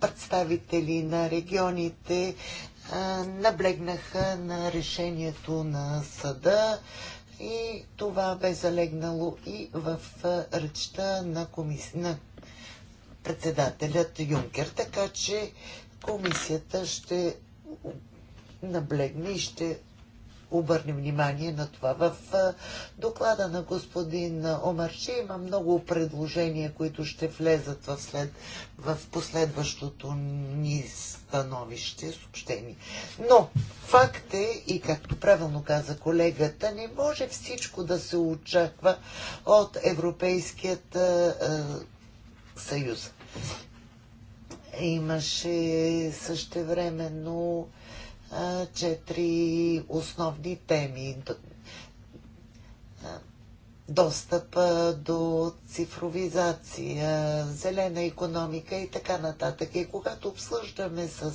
представители на регионите наблегнаха на решението на съда и това бе залегнало и в речта на, комис... на председателят Юнкер. Така че комисията ще наблегне и ще обърнем внимание на това. В доклада на господин Омарчи има много предложения, които ще влезат в, след, в последващото ни становище, съобщение. Но факт е, и както правилно каза колегата, не може всичко да се очаква от Европейският е, съюз. Имаше същевременно времено четири основни теми. Достъп до цифровизация, зелена економика и така нататък. И когато обсъждаме с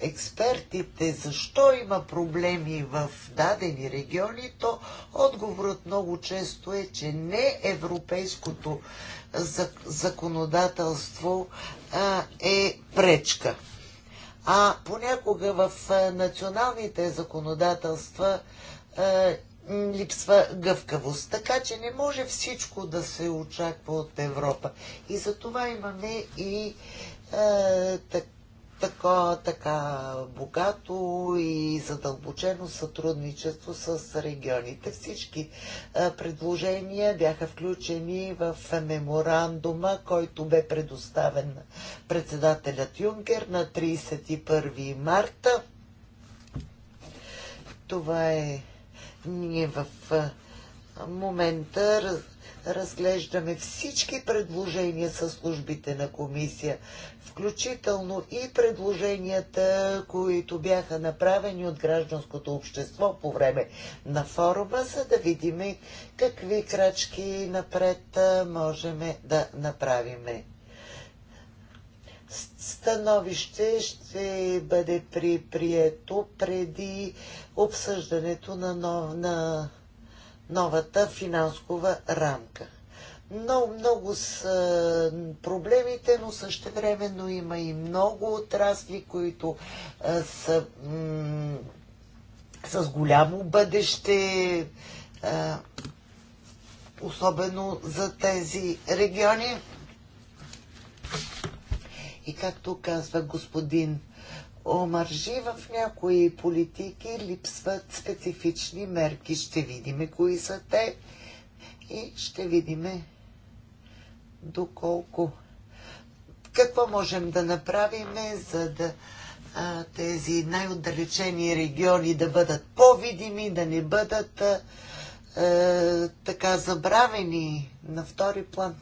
експертите защо има проблеми в дадени региони, то отговорът много често е, че не европейското законодателство е пречка. А понякога в националните законодателства липсва гъвкавост. Така че не може всичко да се очаква от Европа. И за това имаме и така така, така богато и задълбочено сътрудничество с регионите. Всички е, предложения бяха включени в меморандума, който бе предоставен председателят Юнкер на 31 марта. Това е ние в е, момента разглеждаме всички предложения със службите на комисия, включително и предложенията, които бяха направени от гражданското общество по време на форума, за да видим какви крачки напред можем да направиме. Становище ще бъде прието преди обсъждането на, нов, на новата финансова рамка. Много, много са проблемите, но също има и много отрасли, които а, са с голямо бъдеще, а, особено за тези региони. И както казва господин омържи в някои политики липсват специфични мерки. Ще видиме кои са те и ще видиме доколко. Какво можем да направим, за да а, тези най-отдалечени региони да бъдат по-видими, да не бъдат а, а, така забравени на втори план?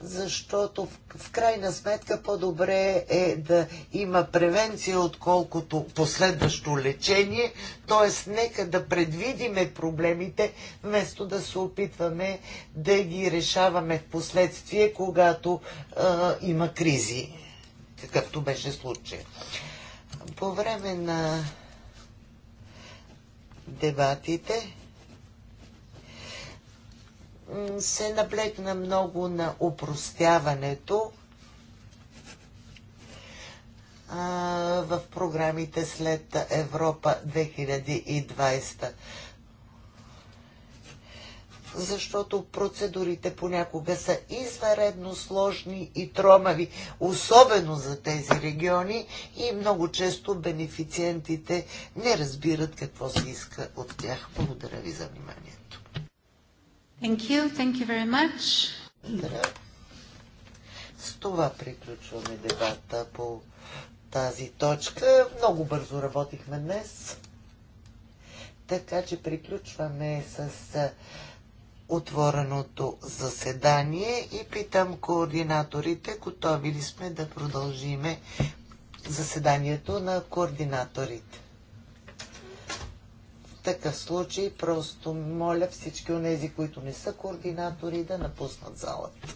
защото в, крайна сметка по-добре е да има превенция, отколкото последващо лечение. Тоест, нека да предвидиме проблемите, вместо да се опитваме да ги решаваме в последствие, когато а, има кризи, какъвто беше случай. По време на дебатите се наблегна много на упростяването в програмите след Европа 2020 защото процедурите понякога са изваредно сложни и тромави, особено за тези региони и много често бенефициентите не разбират какво се иска от тях. Благодаря ви за вниманието. Thank you. Thank you very much. С това приключваме дебата по тази точка. Много бързо работихме днес. Така че приключваме с отвореното заседание и питам координаторите, готови ли сме да продължиме заседанието на координаторите такъв случай просто моля всички от тези, които не са координатори, да напуснат залата.